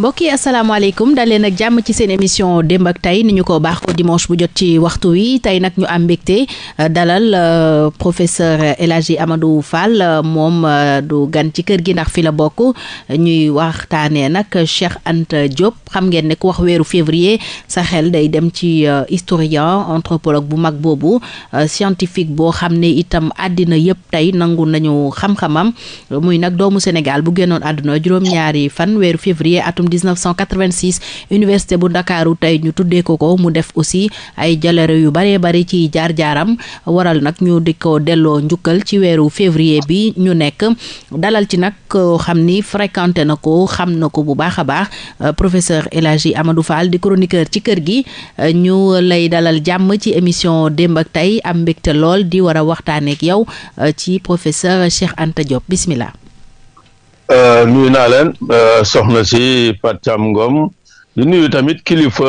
mbokk yi asalaamaaleykum dal leen ak jàmm ci seen émission démb tey tay ni ñu ko baax ko dimanche bu jot ci waxtu wi tey nag ñu am mbégte euh, dalal euh, professeur El Hadji Amadou Fall euh, moom du gan ci kër gi ndax fi la bokk ñuy waxtaanee nag Cheikh ant Diop xam ngeen ne ku wax weeru février sa xel day dem ci historien anthropologue bu mag boobu scientifique boo xam ne itam àddina yëpp tey nangu nañu xam-xamam muy nag doomu Sénégal bu génnoon àdduna juróom-ñaari fan weeru février atum 1986 université bu ndakaaru tey ñu tuddee ko ko mu def aussi ay jaloore yu baree bari ci jaar-jaaram waral nag ñu di ko delloo njukkal ci weeru février bi ñu nekk dalal ci nag koo xam ni fréquenté na ko xam na ko bu baax a baax euh, professeur El Hadji Amadou di chroniqueur ci kër gi euh, ñu lay dalal jàmm ci émission démb ak tey am mbégte lool di war a waxtaanee yow euh, ci professeur Cheikh Anta bismillah Euh, nuyu naa leen euh, soxna si Fatou Ngom di nuyu tamit kilifa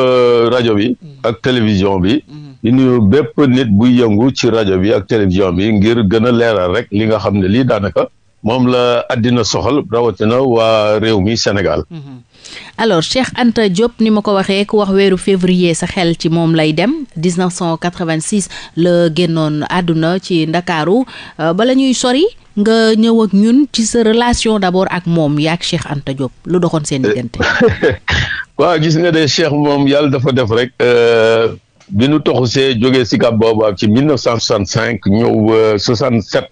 rajo bi mm. ak télévision bi mm. di nuyu bépp nit buy yëngu ci rajo bi ak télévision bi ngir gën a leeral rek li nga xam ne lii daanaka moom la àddina soxal rawatina waa réew mi Sénégal. Mm-hmm. alors Cheikh Anta Diop ni ma ko waxee ku wax weeru février sa xel ci moom lay dem 1986 la génnoon àdduna ci Ndakaaru euh, bala ñuy sori. nga ñëw ak ñun ci sa relation d'abord ak moom yaak Cheikh Anta Diop lu doxoon seen diggante. waaw gis nga de Cheikh moom yàlla dafa def rek. Euh, bi nu see jóge Sicap Baobab ci 1965 ñëw 67 euh,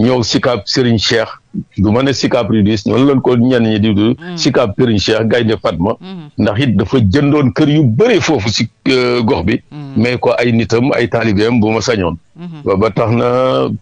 ñëw Sicap Serigne Cheikh du ma ne Sicap Rudis noonu lañ ko ñenn ñi di du mm. Sicap Serigne Cheikh Gaynde Fatma mm. ndax it dafa jëndoon kër yu bëree foofu si euh, gox bi mm. mais ko ay nitam ay taalibeem bu ma sañoon ba ba tax na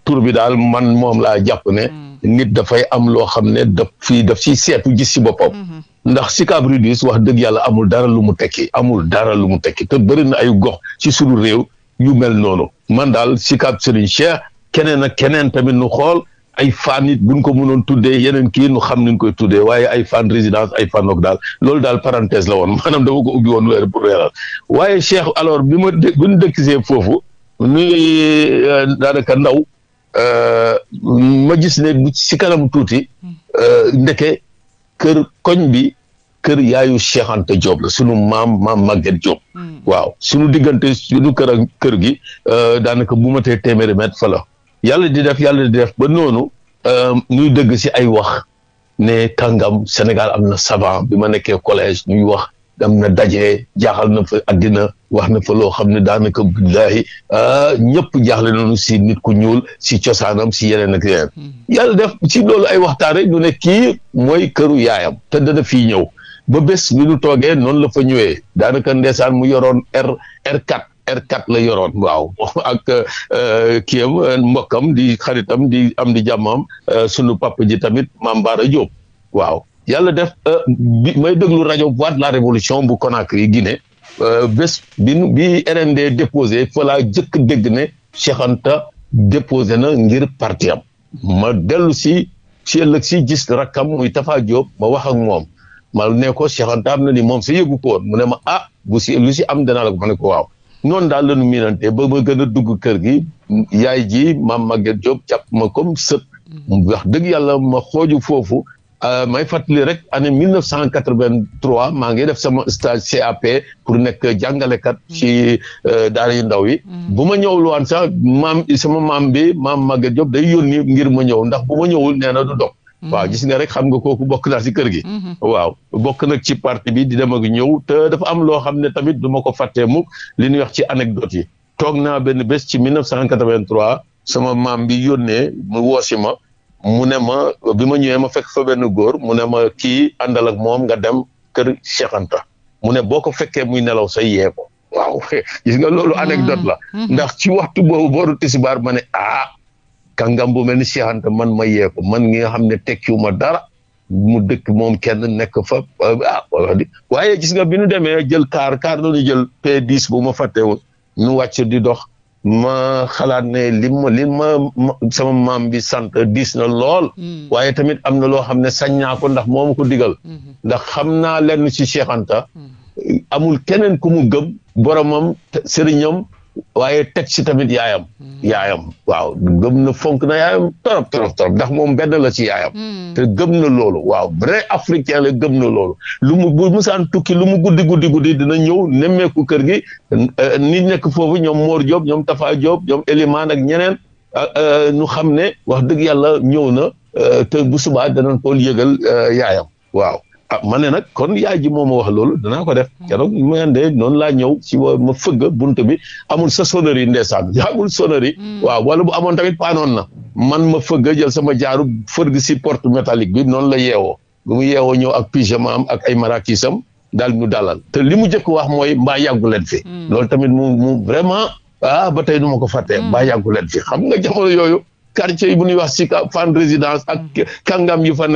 tur bi daal man moom laa jàpp ne mm. nit dafay am loo xam ne daf fii daf si seetu gis si boppam mm-hmm. ndax Sicap Rydis wax dëgg yàlla amul dara lu mu tekki amul dara lu mu tekki te bëri na ay gox ci sunu réew yu mel noonu man daal Sicap Serigne Cheikh keneen ak keneen tamit nu xool ay fan it buñ ko mënoon tuddee yeneen kii nu xam ni koy tuddee waaye ay fan résidence ay fan daal loolu daal parenthèse la woon maanaam dama ko ubbi woon weer pour weeral waaye Cheikh foofu mi euh, daanaka ndaw euh, ma gis ne bu ci kanam tuuti euh, ndeke kër koñ bi kër yaayu Cheikh Anta Diop la sunu maam maam Maguette Diop mm. waaw sunu diggante sunu kër kër gi daanaka bu matee téeméeri mètre fa yàlla di def yàlla di def ba noonu ñuy dëgg si ay wax ne kàngam Sénégal am na savant bi ma nekkee collège ñuy wax am na daje jaaxal na fa àddina wax na fa loo xam ne daanaka billaahi ñëpp jaaxle nañu si nit ku ñuul si cosaanam si yeneen ak yeneen hmm. yàlla def si loolu ay waxtaan rek ñu ne kii mooy këru yaayam te dana fii ñëw ba bés bi nu toogee noonu la fa ñëwee daanaka ndeesaan mu yoroon R R4 R4 la yoroon waaw ak euh, kiyam mbokkam di xaritam di am di jàmmam euh, sunu papa ji tamit Mame Bara Diop waaw yàlla def euh, bi may déglu rajo voix de la révolution bu Conakry Guinée euh, bés bi bi RND déposé fa jëkk dégg ne Cheikh Anta déposé na ngir parti ma dellu si si ëllëg si gis rakkam muy Tafa Diop ma wax ak moom ma ne ko Cheikh am na ni moom si yëgu ko mu ne ma ah bu si lu si am danaa la ko ne ko waaw noonu daal la miinante ba ma gën a dugg kër gi yaay ji maam Maguette Diop jàpp ma comme sët mm. wax dëgg yàlla ma xooju foofu Euh, may li rek année 1983 maa ngi def sama stage CAP pour nekk jàngalekat mm. ci euh, daara yi ndaw yi mm. bu ma ñëwul waan sax maam sama maam bi maam Maguette Diop day yónni ngir ma ñëw ndax bu ma ñëwul nee na du dox mm. waaw gis nga rek xam nga kooku bokk naa si kër gi mm-hmm. waaw bokk na ci parti bi di dem ak ñëw te dafa am loo xam ne tamit du ma ko fàttee mukk li nu wax ci anecdote yi toog naa benn bes ci 1983 sama maam bi yónnee mu woosi ma mu ne ma bi ma ñëwee ma fekk fa benn góor mu ne ma kii àndal ak moom nga dem kër Cheikh Anta mu ne boo ko fekkee muy nelaw say yee ko gis nga loolu ah. anecdote la mm-hmm. ndax ci waxtu boobu booru tisibaar ma ne ah kàngam bu mel ni Cheikh man ma yee man ngi nga xam ne tekkiwuma dara mu dëkk moom kenn nekk fa ah waaye gis nga bi nu demee jël kaar kar la ñu jël P10 bu ma fàttewul nu wàcc di dox ma xalaat ne li ma li ma sama maam bi sant diis na lool. Hmm. waaye tamit am na loo xam ne sañ naa ko ndax moo ma ko digal. Hmm. ndax xam naa lenn ci Cheikh Anta. Hmm. amul keneen ku mu gëm boromam sëriñam. waaye teg ci tamit yaayam. Hmm. yaayam waaw gëm na fonk na yaayam torop torop torop ndax moom benn la ci yaayam. Hmm. te gëm na loolu waaw vrai africain la gëm na loolu lu mu bu musaan tukki lu mu guddi guddi guddi dina ñëw nemmeeku kër gi euh, ni nekk foofu ñoom moor Diop ñoom Tafa Diop ñoom Eliman nag ñeneen euh, euh, ñu xam ne wax dëgg yàlla ñëw na te bu subaa danañ ko yëgal yaayam waaw. ah ma ne nag kon yaay ji a ma wax loolu danaa ko def hmm. keroog mu andee noonu laa ñëw si wa ma fëgg bunt bi amul sa sonnerie ndeysaan amul sonnerie hmm. waaw wala bu amoon tamit paanoon na man ma fëgg jël sama jaaru fërg si porte métallique bi noonu la yeewoo bu mu yeewoo ñëw ak pyjama am ak ay marakisam daal ñu dalal te li mu njëkk wax mooy mbaa yàggu leen fi hmm. loolu tamit mu mu vraiment ah ba tey du ma ko fàttee mbaa yàggu leen fi xam nga jamono yooyu quartier yi bu ñuy wax si fan résidence ak kàngam yu fa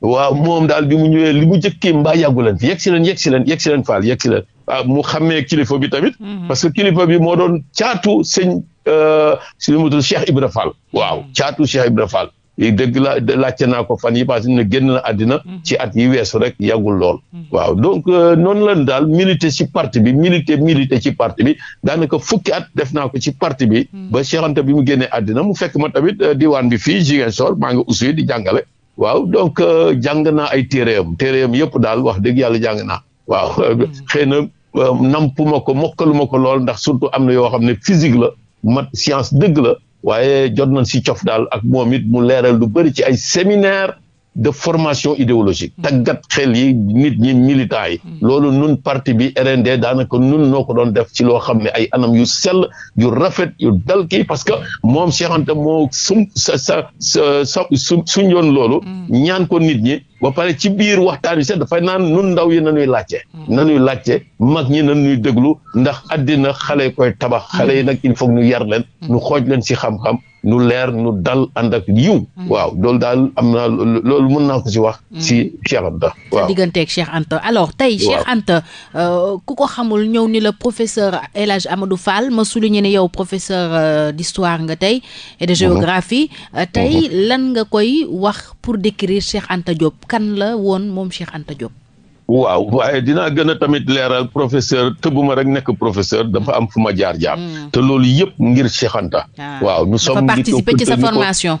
waaw moom daal bi mu ñëwee li mu njëkkee mbaa yàggu leen fi yegg si leen yegg si leen yegg si leen faal yegg si leen ah, mu xamee kilifa bi tamit. Mhm. parce que kilifa bi moo doon caatu sëñ euh, si li mu tudd Cheikh Ibra waaw mhm. caatu Cheikh Ibra Fall. dëgg la laajte naa ko fan yi passé na génn na àddina mhm. ci at yi weesu rek yàggul lool waaw donc euh, noonu lan daal milité ci parti bi milité milité ci parti bi daanaka fukki at def naa ko ci parti bi ba Cheikh Anta bi mu génnee àddina mu fekk ma tamit euh, diwaan bi fii Ziguinchor maa ngi aussi di jàngale waaw donc euh, jàng naa ay téeréyam téeréyam yëpp daal wax dëgg yàlla jàng naa waaw hmm. xëy na euh, nampuma ko mokkaluma ko lool ndax surtout am na yoo xam ne physique la mat science dëgg la waaye jot nañ si cof daal ak moom it mu leeral lu bëri ci ay séminaire de formation idéologique mm. tàggat xel yi nit ñi militants yi mm. loolu nun parti bi RND daanaka nun noo ko doon def ci loo xam ne ay anam yu sell yu rafet yu dal kii parce que moom Cheikh moo sum sa sa sa suñ yoon loolu mm. ñaan ko nit ñi ba pare ci biir waxtaan wi sax dafay naan nun ndaw yi nanuy laajte nanuy laajte mag ñi nanuy déglu ndax addina xale koy tabax xale yi nag il faut ñu yar leen ñu xooj leen si xam-xam nu leer nu dal ànd ak yiw. Mm. waaw loolu daal am naa loolu mën naa ko si wax. ci mm. Cheikh Anta. waaw digganteeg Cheikh Anta alors tey. Cheikh Anta euh, ku ko xamul ñëw ni la professeur El Hadj Amadou Fall ma souligné ne yow professeur euh, d'histoire nga tey. et de mhm. géographie. Euh, tey mhm. lan nga koy wax pour décrire Cheikh Anta Diop kan la woon moom Cheikh Anta Diop. waaw waaye dinaa gën a tamit leeral professeur tëbuma rek nekk professeur dafa am fu ma jaar jaar. Mm. Mm. te loolu yëpp ngir Cheikh ah. waaw nous sommes dafa participer ci sa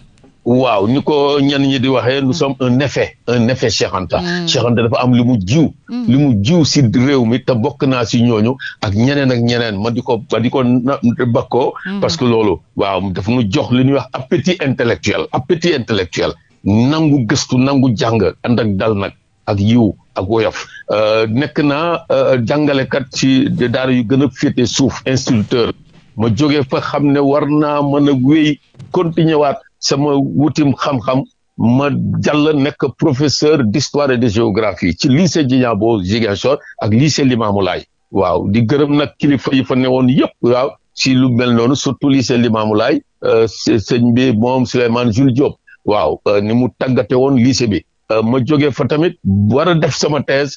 waaw ñu ko ñenn ñi di waxee nous mm. sommes un effet un effet Cheikh dafa am li mu jiw li mu jiw si réew mi te bokk naa si ñooñu ak ñeneen ak ñeneen ma di ko ma di ko parce que loolu waaw dafa nu jox li ñuy wax appétit intellectuel appétit intellectuel nangu gëstu nangu jàng ànd ak dal nag ak yiw ak woyof euh, nekk naa euh, jàngalekat ci daara yu gën a féete suuf instituteur ma jóge fa xam ne war naa mën a wéy continuer waat sama wutim xam-xam ma jàll nekk professeur d'histoire et de géographie ci lycée Djignabo Ziguinchor ak lycée Limamoulaye waaw di gërëm nag kilifa yi fa newoon yëpp waaw si lu mel noonu surtout lycée Limamoulaye euh, sëñ bi moom Souleymane Jules Diop waaw ni mu tàggate woon lycée bi Euh, ma jógee fa tamit war def sama thèse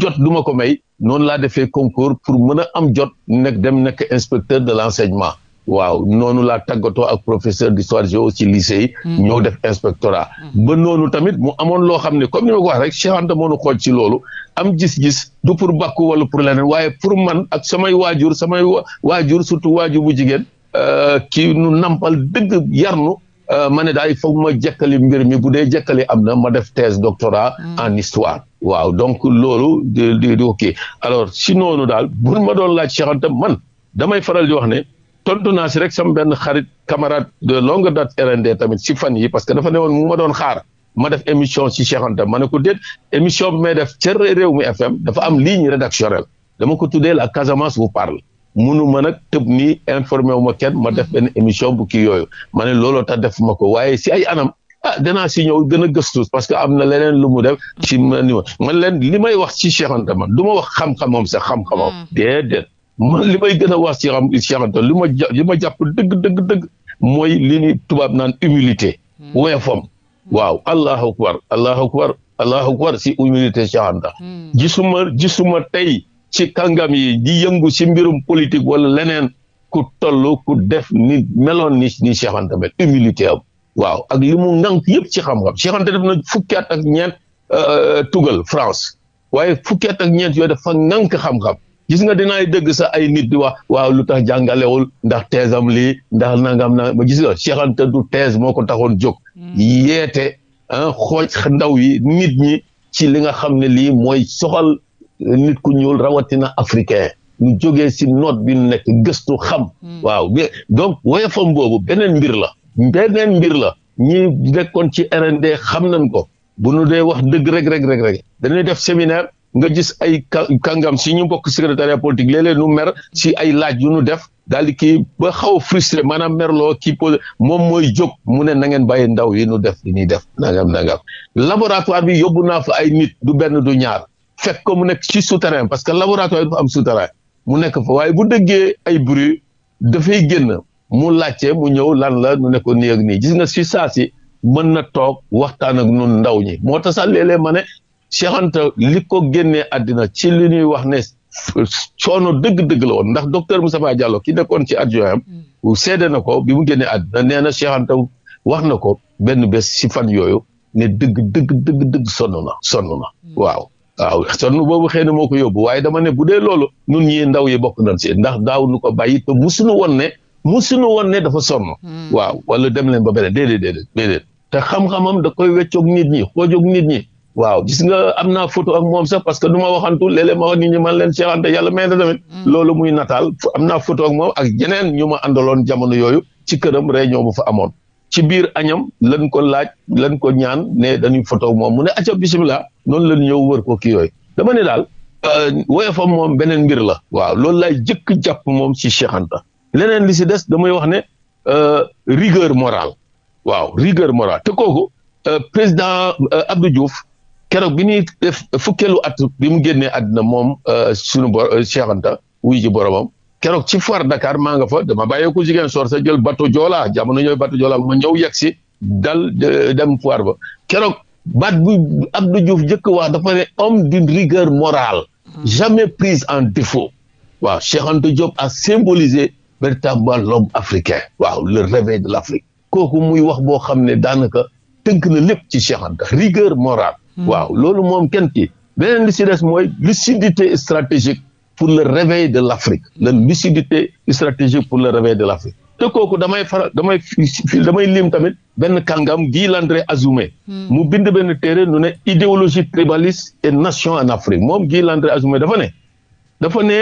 jot du ma ko may noonu laa defee concours pour mën a am jot nekk dem nekk inspecteur de l'enseignement waaw noonu laa tàggatoo ak professeur d'histoire géo ci lycée yi hmm. ñëw def inspectorat hmm. ba noonu tamit mu amoon loo xam ne comme ni ma ko wax rek Cheikh Anta moo nu xooj ci loolu am gis-gis du pour bàkku wala pour leneen waaye pour man ak samay waajur samay waajur surtout waajur bu jigéen euh, kii nu nampal dëgg yarnu Euh, ma ne daal il ma jekkali mbir mi bu dee jekkali am na ma def thèse doctorat mm. en histoire waaw donc loolu di di ok alors si noonu daal buñ ma doon laaj Cheikh Anta man damay faral di wax ne tontu rek sama benn xarit camarade de longue date RND tamit si fan yi parce que dafa ne woon mu ma doon xaar ma def émission si Cheikh ma ne ko déet émission bi def ca Réew mi FM dafa am ligne rédactionnelle dama ko tuddee la Casamance vous parle munuma nag tëb nii informé wu ma kenn ma def benn émission bu kii yooyu ma ne looloo tax def ma ko waaye si ay anam a ah, danaa si ñëw gën a gëstu parce que am na leneen lu mu def si mm-hmm. ma ni ma man leen li may wax si Cheikh Anta man du ma wax xam-xamam sax xam-xamam mm-hmm. déedéet man li may gën a wax si xam Cheikh Anta li ma li ma jàpp dëgg dëgg dëgg mooy li ni tubaab naan humilité mm-hmm. woyofam waaw allahu akbar allahu akbar allahu akbar si humilité Cheikh Anta gisuma tey ci kàngam yi di yëngu ci mbirum politique wala leneen ku toll ku def ni meloon ni ni Cheikh Anta Mbaye humilité am waaw ak li mu ngànk yëpp ci xam-xam Cheikh Anta def na fukki at ak ñeent euh, tugal France waaye fukki at ak ñeent yooyu dafa ngànk xam-xam gis nga dinaay dégg sax ay nit di wax waaw lu tax jàngalewul ndax thèse am ndax nangam na ba gis nga Cheikh Anta du thèse moo ko taxoon jóg hmm. yeete ah, ndaw yi nit ñi ci li nga xam ne lii mooy soxal nit ku ñuul rawatina africain ñu jógee si noot bi ñu nekk gëstu xam. Hmm. waaw donc woyofam boobu beneen mbir la. beneen mbir la ñi nekkoon ci RND xam nañ ko bu nu dee wax dëgg rek rek rek rek dañuy def séminaire nga gis ay kàngam si ñu bokk secrétariat politique léeg nu mer si ay laaj yu nu def. daal di kii ba xaw a frustré maanaam merloo kii posé moom mooy jóg mu ne na ngeen bàyyi ndaw yi nu def li ñuy def nangam nangam laboratoire bi yóbbu naa fa ay nit du benn du ñaar fekk ko mu nekk ci souterrain parce que laboratoire dafa am souterrain mu nekk fa waaye bu dëggee ay bruit dafay génn mu laajte mu ñëw lan la nu nekkoon nii ak nii gis nga si saa si mën na toog waxtaan ak ñun ndaw ñi moo tax sax léeg ma ne Cheikh Anta li ko génnee àddina ci li ñuy wax ne coono dëgg-dëgg la woon ndax docteur Moustapha Diallo ki nekkoon ci adjoint am mm. seede na ko bi mu génnee àddina nee na Cheikh Anta wax na ko benn bés si fan yooyu ne dëgg dëgg dëgg dëgg sonn mm. waaw sonn boobu xëy na moo ko yóbbu waaye dama ne bu dee loolu nun ñi ndaw yi bokk nañ si ndax daaw nu ko bàyyi te musuñu woon ne musuñu woon ne dafa sonn hmm. waaw wala dem leen ba beneen déedéet déedéet déedéet te xam-xamam da koy weccoog nit ñi xoojoog nit ñi waaw gis nga am naa photo ak moom sax parce que du ma waxantu léeg-léeg ma wax nit ñi leen Cheikh Anta yàlla may na tamit hmm. loolu muy nataal am naa photo ak moom ak yeneen ñu ma àndaloon jamono yooyu ci këram réunion bu fa amoon ci biir añam lan ko laaj lan ko ñaan ne dañuy photo moom mu ne acca bisimilah noonu lan ñëw war ko kii yooyu dama ne daal euh, woyofam moom beneen mbir la waaw loolu laay jëkk jàpp moom ci Cheikh leneen li si des damay wax ne euh, rigueur morale waaw rigueur morale te kooku euh, président Abdou Diouf keroog bi ñuy def fukkeelu at bi mu génnee àddina moom sunu bor Cheikh Anta wuy ji boromam keroog ci foire Dakar maa nga fa dama bàyyeeku jigéen soor sa jël bato Joola jamono ñooy bato Joola ma ñëw yegg si dal dem foire ba keroog baat bu Abdou Diouf njëkk wax dafa ne homme d'une rigueur morale hmm. jamais prise en défaut waaw Cheikh Anta Diop a symbolisé véritablement l'homme africain waaw le réveil de l'Afrique kooku muy wax boo xam ne daanaka tënk na lépp ci Cheikh Anta rigueur morale hmm. waaw loolu moom kenn ki beneen li mooy lucidité stratégique pour le réveil de l'Afrique la lucidité stratégique pour le réveil de l'Afrique te kooku damay faral damay damay lim tamit benn kàngam Guy Landré Azoumé hmm. mu bind ben téere nu ne idéologie tribaliste et nation en Afrique moom Guy Landré Azoumé dafa ne dafa ne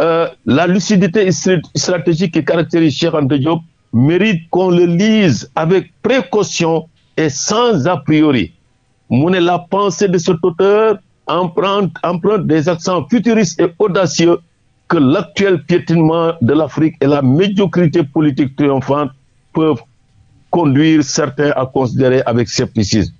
euh, la lucidité stratégique qui caractérise Cheikh Anta Diop mérite qu'on le lise avec précaution et sans a priori mu la pensée de cet auteur emprunte, emprunte des accents futuristes et audacieux que l'actuel piétinement de l'Afrique et la médiocrité politique triomphante peuvent conduire certains à considérer avec scepticisme.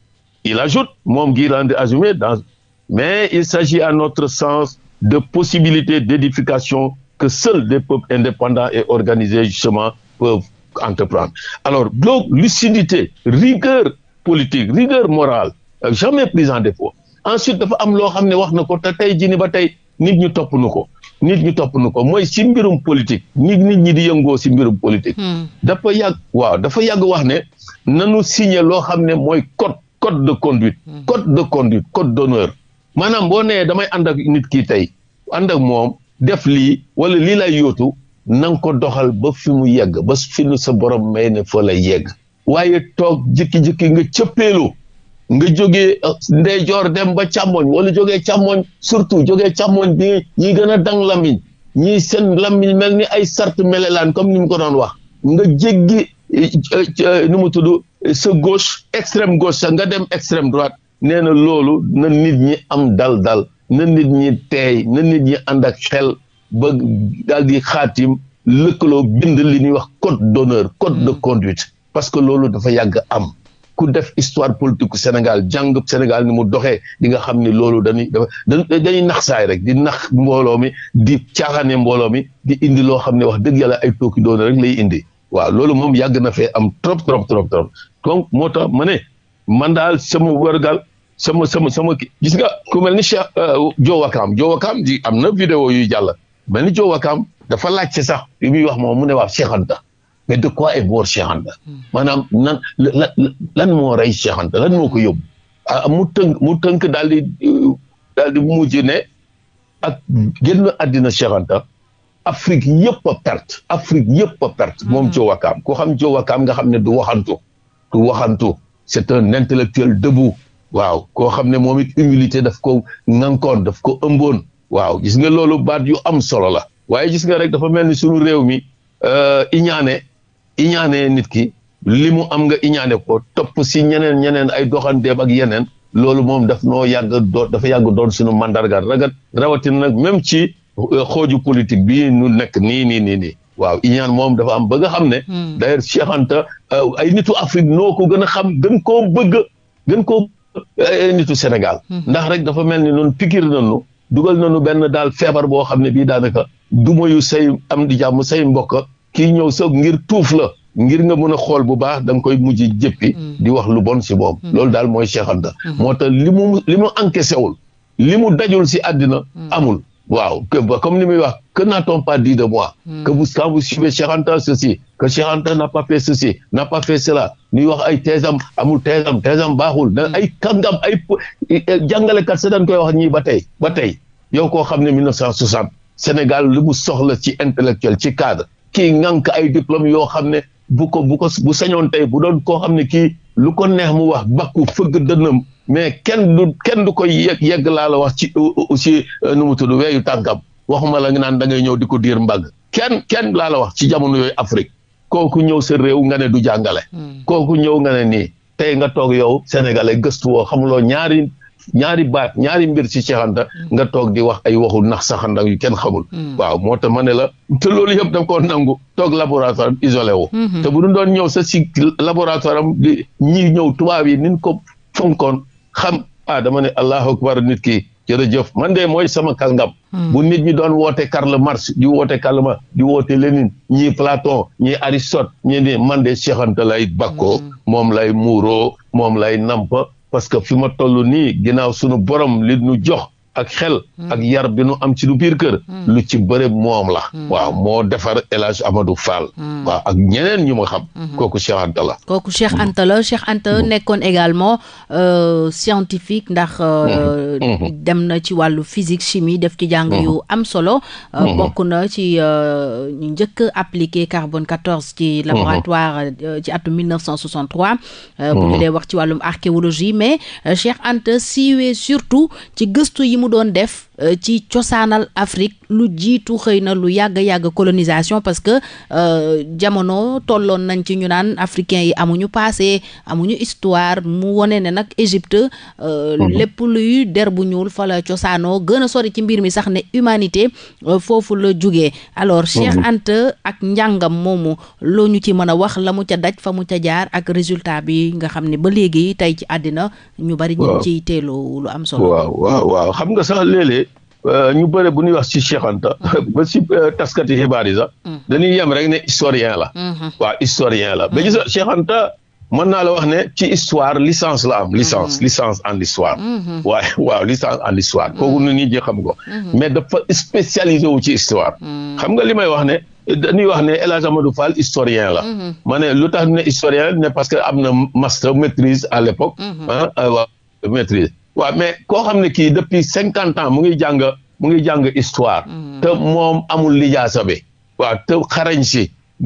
Il ajoute, Mom Azumé, dans, mais il s'agit à notre sens de possibilités d'édification que seuls des peuples indépendants et organisés justement peuvent entreprendre. Alors, donc, lucidité, rigueur politique, rigueur morale, euh, jamais prise en défaut. ensuite dafa am loo xam ne wax na ko te tey jii ni ba tey nit ñu topp nu ko nit ñu topp nu ko mooy si mbirum politique nit nit ñi di yëngoo si mbirum politique. Hmm. dafa yàgg waaw dafa yàgg wax ne nanu signé loo xam ne mooy code code de conduite. Hmm. code de conduite code d'honneur maanaam boo nee damay ànd ak nit kii tey ànd ak moom def lii wala lii lay yootu na ko doxal ba fi mu yegg ba fi nu sa borom may ne foo lay yegg waaye toog jikki-jikki nga cëppeelu nga jóge uh, ndeyjoor dem ba càmmoñ wala jóge càmmoñ surtout jóge càmmoñ bi ñi gën a dang lamiñ ñi seen lamiñ mel ni ay sart melelaan comme ni mu ko doon wax nga jéggi uh, uh, nu mu tudd sa gauche extrême gauche sa nga dem extrême droite nee na loolu na nit ñi am dal dal na nit ñi teey na nit ñi ànd ak xel ba daal di xaatim lëkkaloo bind li ñuy wax code d'honneur code de conduite parce que loolu dafa yàgg am ku def histoire politique ku Sénégal jàngub Sénégal ni mu doxee di nga xam ni loolu dañuy dañuy dañuy nax saay rek di nax mbooloo mi di caaxaane mbooloo mi di indi loo xam ne wax dëgg yàlla ay tooki doona rek lay indi waaw loolu moom yàgg na fee am trop trop trop trop donc moo tax ma ne man daal sama wargal sama sama sama ki ku mel ni Cheikh euh, Joe Wakaam Joe Wakaam di am na vidéo yuy jàll mel ni Joe Wakaam dafa laajte sax li muy wax moom mu ne waa Cheikh Anta mais de quoi est mort Cheikh maanaam nan lan lan moo rey Cheikh lan moo ko yóbbu ah mu tënk mu tënk daal di daal di mujj ne ak gen àddina Cheikh Anta Afrique yëpp a perte Afrique yëpp a perte moom mm-hmm. Jowakaam ku xam Jowakaam nga xam ne du waxantu du waxantu c'est un intellectuel debout waaw koo xam ne moom it humilité daf ko ŋànkoon daf ko ëmboon waaw gis nga loolu baat yu am solo la waaye gis nga rek dafa mel ni sunu réew mi euh, iñaane iñaanee nit ki li mu am nga iñaane ko topp si ñeneen ñeneen ay doxandeem ak yeneen loolu moom daf noo yàgg doo dafa yàgg doon suñu mandarga ragat rawatina nag même ci euh, xooju politique bi nu nekk nii nii nii nii waaw iñaan moom dafa am ba nga xam ne hmm. d'ailleurs Cheikh euh, ay nitu Afrique noo ko gën a xam gën koo bëgg gën koo euh, nitu Sénégal hmm. ndax rek dafa mel ni noonu pikir nañu dugal nañu benn daal feebar boo xam ne bii daanaka du mayu say am di jàmm say mbokk ki ñëw sa ngir tuuf la ngir nga mën a xool bu baax da koy mujj jëppi mm. di wax lu bon si moom mm. loolu daal mooy Cheikh Anta mm-hmm. moo ta li mu li mu encaissé wul li mu dajul si addina mm. amul waaw comme ni muy wax que n'a-t-on pas dit de moi que vous quand vous suivez Cheikh Anta ceci n'a pas fait ceci n'a pas ñuy wax ay teesam amul teesam teesam baaxul da ay kàngam ay jàngalekat sa dañ koy wax ñii ba tey ba tey yow koo xam ne 1960 Sénégal li mu soxla si intellectuel ci cadre kii ŋànk ay diplôme yoo xam ne bu ko bu ko bu tey bu doon koo xam ne kii lu ko neex mu wax bakku fëgg dënnam mais kenn du kenn du koy yegg yegg laa la wax ci aussi euh, nu mu tudd weeyu tànkam waxuma la nga naan da ngay ñëw di ko diir mbagg kenn kenn laa la wax ci jamono yooyu Afrique kooku ñëw sa réew nga ne du jàngale. Hmm. kooku ñëw nga ne nii tey nga toog yow sénégalais gëstu woo xamuloo ñaari ñaari baat ñaari mbir ci Cheikh Anta nga toog di wax ay waxul nax saxanda yu kenn xamul hmm. waaw moo tax ma ne la te loolu yëpp daf koo nangu toog laboratoire am isolé wu hmm. te bu ñu doon ñëw sa si laboratoire am di ñi ñëw tubaab yi nin ko fonkoon xam ah dama ne allahu akbar nit ki jërëjëf man de mooy sama kàngam hmm. bu nit ñi doon woote Karl Marx di woote la Marx di woote Lénine ñii Platon ñii Aristote ñi ni man de Cheikh Anta lay bakkoo moom lay muuroo moom lay parce que fi ma toll nii ginnaaw sunu borom li nu jox ak xel hmm. ak yar bi nu am ci lu biir kër hmm. lu ci bëri moom la hmm. waaw moo defar El Hadj Amadou waaw ak ñeneen ñu ma xam kooku Cheikh Anta la kooku Cheikh Anta la Cheikh Anta nekkoon également euh, scientifique ndax euh, dem na ci wàllu physique chimie def ci jàng yu am solo euh, bokk na ci ñu njëkk appliqué carbone 14 ci laboratoire ci atum 1963 bu ñu dee wax ci wàllum archéologie mais Cheikh Anta siiwee surtout ci gëstu yi mu doon def Euh, ci cosaanal Afrique lu jiitu xëy na lu yàgg yàgg colonisation parce que euh, jamono tolloon nañ ci ñu naan africain yi amuñu passé amuñu histoire mu wone ne nag Égypte euh, mhm. lépp luy der bu ñuul fa la cosaanoo gën a sori ci mbir mi sax ne humanité foofu la jugee alors Cheikh mhm. Anta ak njàngam moomu loo ñu ci mën a wax la mu ca daj fa mu ca jaar ak résultat bi nga xam ne ba léegi tey ci àddina ñu bari ñu ciy teeloo lu am solo waaw waaw xam nga sax léeg Euh, ñu bëre bu ñuy wax ci Cheikh Anta mm-hmm. ba ci euh, taskati xibaar yi sax mm-hmm. dañuy yem ne historien la mm-hmm. waaw historien la ba gis Cheikh Anta naa la wax ne ci histoire licence la am licence licence en histoire waaye waaw licence en histoire kooku nu nit ñi xam ko mais dafa spécialisé wu ci histoire xam nga li may wax ne dañuy wax ne El Hadj Amadou Fall historien la ma ne lu tax ne historien parce que am na master maîtrise à l'époque ah, ah maîtrise waaw mais koo xam ne kii depuis cinquante ans mu ngi jàng mu ngi jàng histoire. Mm. te moom amul lijaasa bi. waa te xarañ si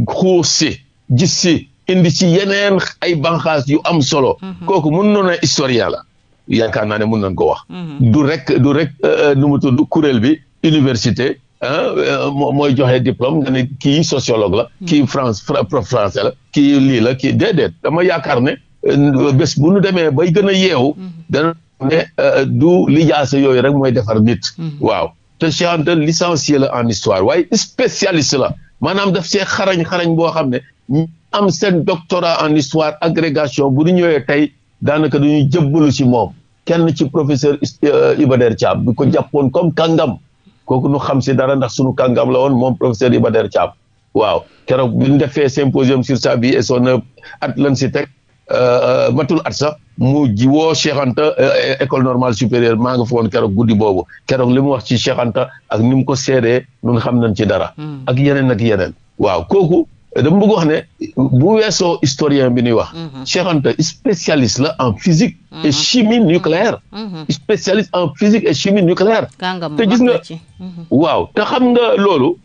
xuus si gis si indi si yeneen ay banqaas yu am solo. Mm-hmm. kooku mën noon a la. yaakaar naa ne mën nañ ko wax. Mm-hmm. du rek du rek euh, euh, nu mu tudd kuréel bi université. Euh, mooy joxe diplôme kii sociologue la. Mm. kii France prof la. kii lii la kii déedéet dama yaakaar ne bés bu nu demee bay gën a yeewu. Mm-hmm. mais euh, du lijaasa yooyu rek mooy defar nit. Mhm. waaw te Cheikh Anta licencié la en histoire waaye spécialiste la maanaam def see xarañ xarañ boo xam ne ñu am seen doctorat en histoire agrégation bu ñu ñëwee tey daanaka dañuy jëbbalu si moom kenn ci professeur euh, Iba Der Thiam bi ko mhm. jàppoon comme kàngam kooku nu xam si dara ndax sunu kàngam la woon moom professeur Iba Der Thiam waaw keroog bi ñu defee symposium sur sa vie et son si teg Euh, euh, matul at sax mu ji woo Cheikh Anta euh, école normale supérieure maa nga fa woon keroog guddi boobu keroog li mu wax ci Cheikh Anta ak ni mu ko seedee ñun xam nañ ci dara. Hmm. ak yeneen ak yeneen. waaw kooku dama bëgg wax bu weesoo historien bi ñuy wax. Hmm. Cheikh spécialiste la hmm. en physique. et chimie nucléaire. spécialiste chimie nucléaire. te gis nga waaw te xam nga loolu.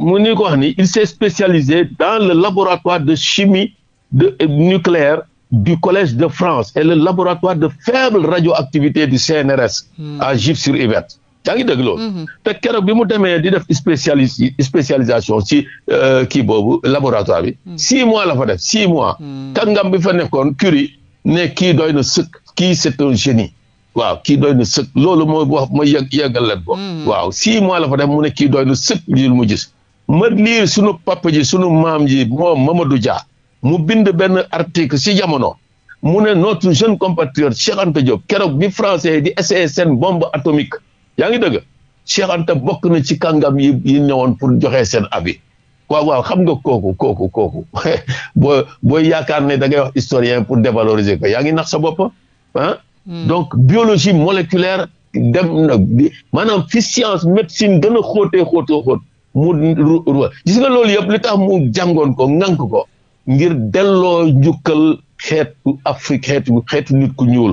mu ni ko wax ni il s'est spécialisé dans le laboratoire de chimie de nucléaire du Collège de France et le laboratoire de faible activité du CNRS a hmm. à Gif-sur-Yvette yaa ngi dégg loolu hmm. te keroog bi mu demee di def spécialis spécialisation ci euh, kii boobu laboratoire bi hmm. six mois la fa def six mois kàngam bi fa nekkoon Curie ne kii doy na sëkk kii c'est un génie waaw kii doy na sëkk loolu moo wax mooy yëg yëgal leen ko waaw six mois la fa def mu ne kii doy na sëkk lii mu gis ma liir sunu papa ji sunu maam ji moom Mamadou jaa mu bind benn article si jamono mu ne notre jeune compatriote Cheikh Anta Diop keroog bi français di essayer seen bomb atomique yaa ngi dëgg Cheikh Anta bokk na ci kàngam yi yi ñëwoon pour joxe seen abi waaw xam nga kooku kooku kooku boo booy yaakaar ne da ngay wax historien pour dévaloriser ko yaa ngi nax sa bopp ah. donc biologie moléculaire dem na maanaam fi science médecine gën a xóotee xóotoo xóot mu gis nga loolu yëpp li tax mu jàngoon ko ŋànk ko. ngir delloo njukkal xeet Afrique xeetu xeetu nit ku ñuul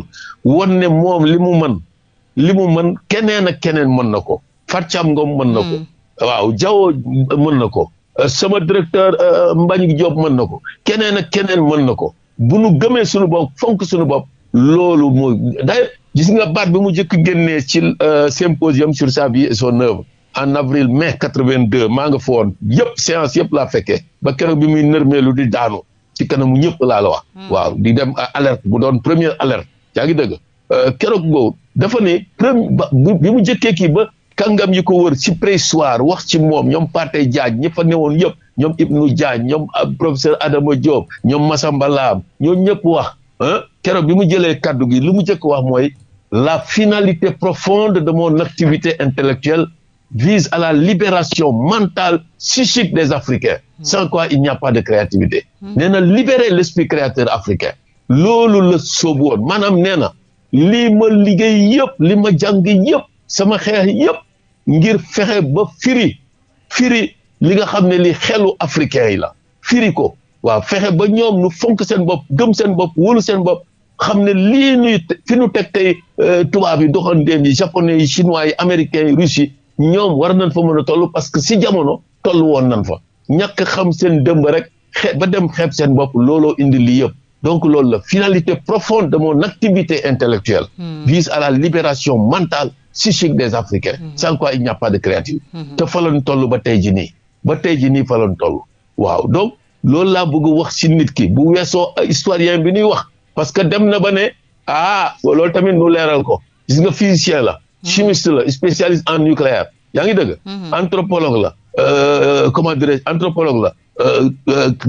won ne moom li mu mën li mu mën keneen ak keneen mën na ko Fatou Ngom mën na ko. Hmm. waaw Diaw mën na ko. Euh, sama directeur euh, euh, Mbagnick Diop mën na ko keneen keneen mën na ko bu nu gëmee suñu bopp fonk suñu bopp loolu mooy day gis nga baat bi mu njëkk génnee ci symposium sur sa vie et son œuvre en avril mai 82 maa nga fa woon yëpp séance yëpp laa fekkee ba keroog bi muy nërmeelu di daanu ci kanamu ñëpp laa la wax. Hmm. waaw di dem alerte bu doon première alerte yaa ngi dëgg euh, keroog boobu dafa ne bi mu jëkkee kii ba kàngam yi ko wër ci pressoir wax ci moom ñoom Pathé jaaj ñi fa newoon yëpp ñoom Ibnou Diagne ñoom euh, professeur Adama Diop ñoom Massamba Lam ñoom ñëpp wax keroog bi mu jëlee kaddu gi lu mu jëkk wax mooy la finalité profonde de mon activité intellectuelle vise à la libération mentale, psychique des Africains. Hmm. Sans quoi il n'y a pas de créativité. Hmm. nee na libérer l'esprit créateur africain. loolu la soobu woon maanaam nee na lii ma liggéey yëpp li ma jàng yëpp sama xeex yëpp ngir fexe ba firi firi li nga xam ne li xelu africain yi la firi ko waaw fexe ba ñoom nu fonk seen bopp gëm seen bopp wóolu seen bopp xam ne li nuy fi nu teg tey euh, tubaab yi doxandéem yi japonais yi chinois yi américains yi russes ñoom war nañ fa mën a toll parce que si jamono toll woon nañ fa ñàkk xam seen dëmb rek xe ba dem xeeb seen bopp looloo indi lii yëpp donc loolu la finalité profonde de mon activité intellectuelle mm. vise à la libération mentale psychique des Africains mm. sans quoi il n'y a pas de créativité hmm. te fa toll ba tey ji nii ba tey ji nii fa toll waaw donc loolu laa bëgg wax si nit ki bu weesoo historien bi ñuy wax parce que dem na ba ne ah loolu tamit nu leeral ko gis nga la chimiste la spécialiste en nucléaire yaa ngi dëgg. Mhm. anthropologue la euh, euh, comment dirais-je la. Euh,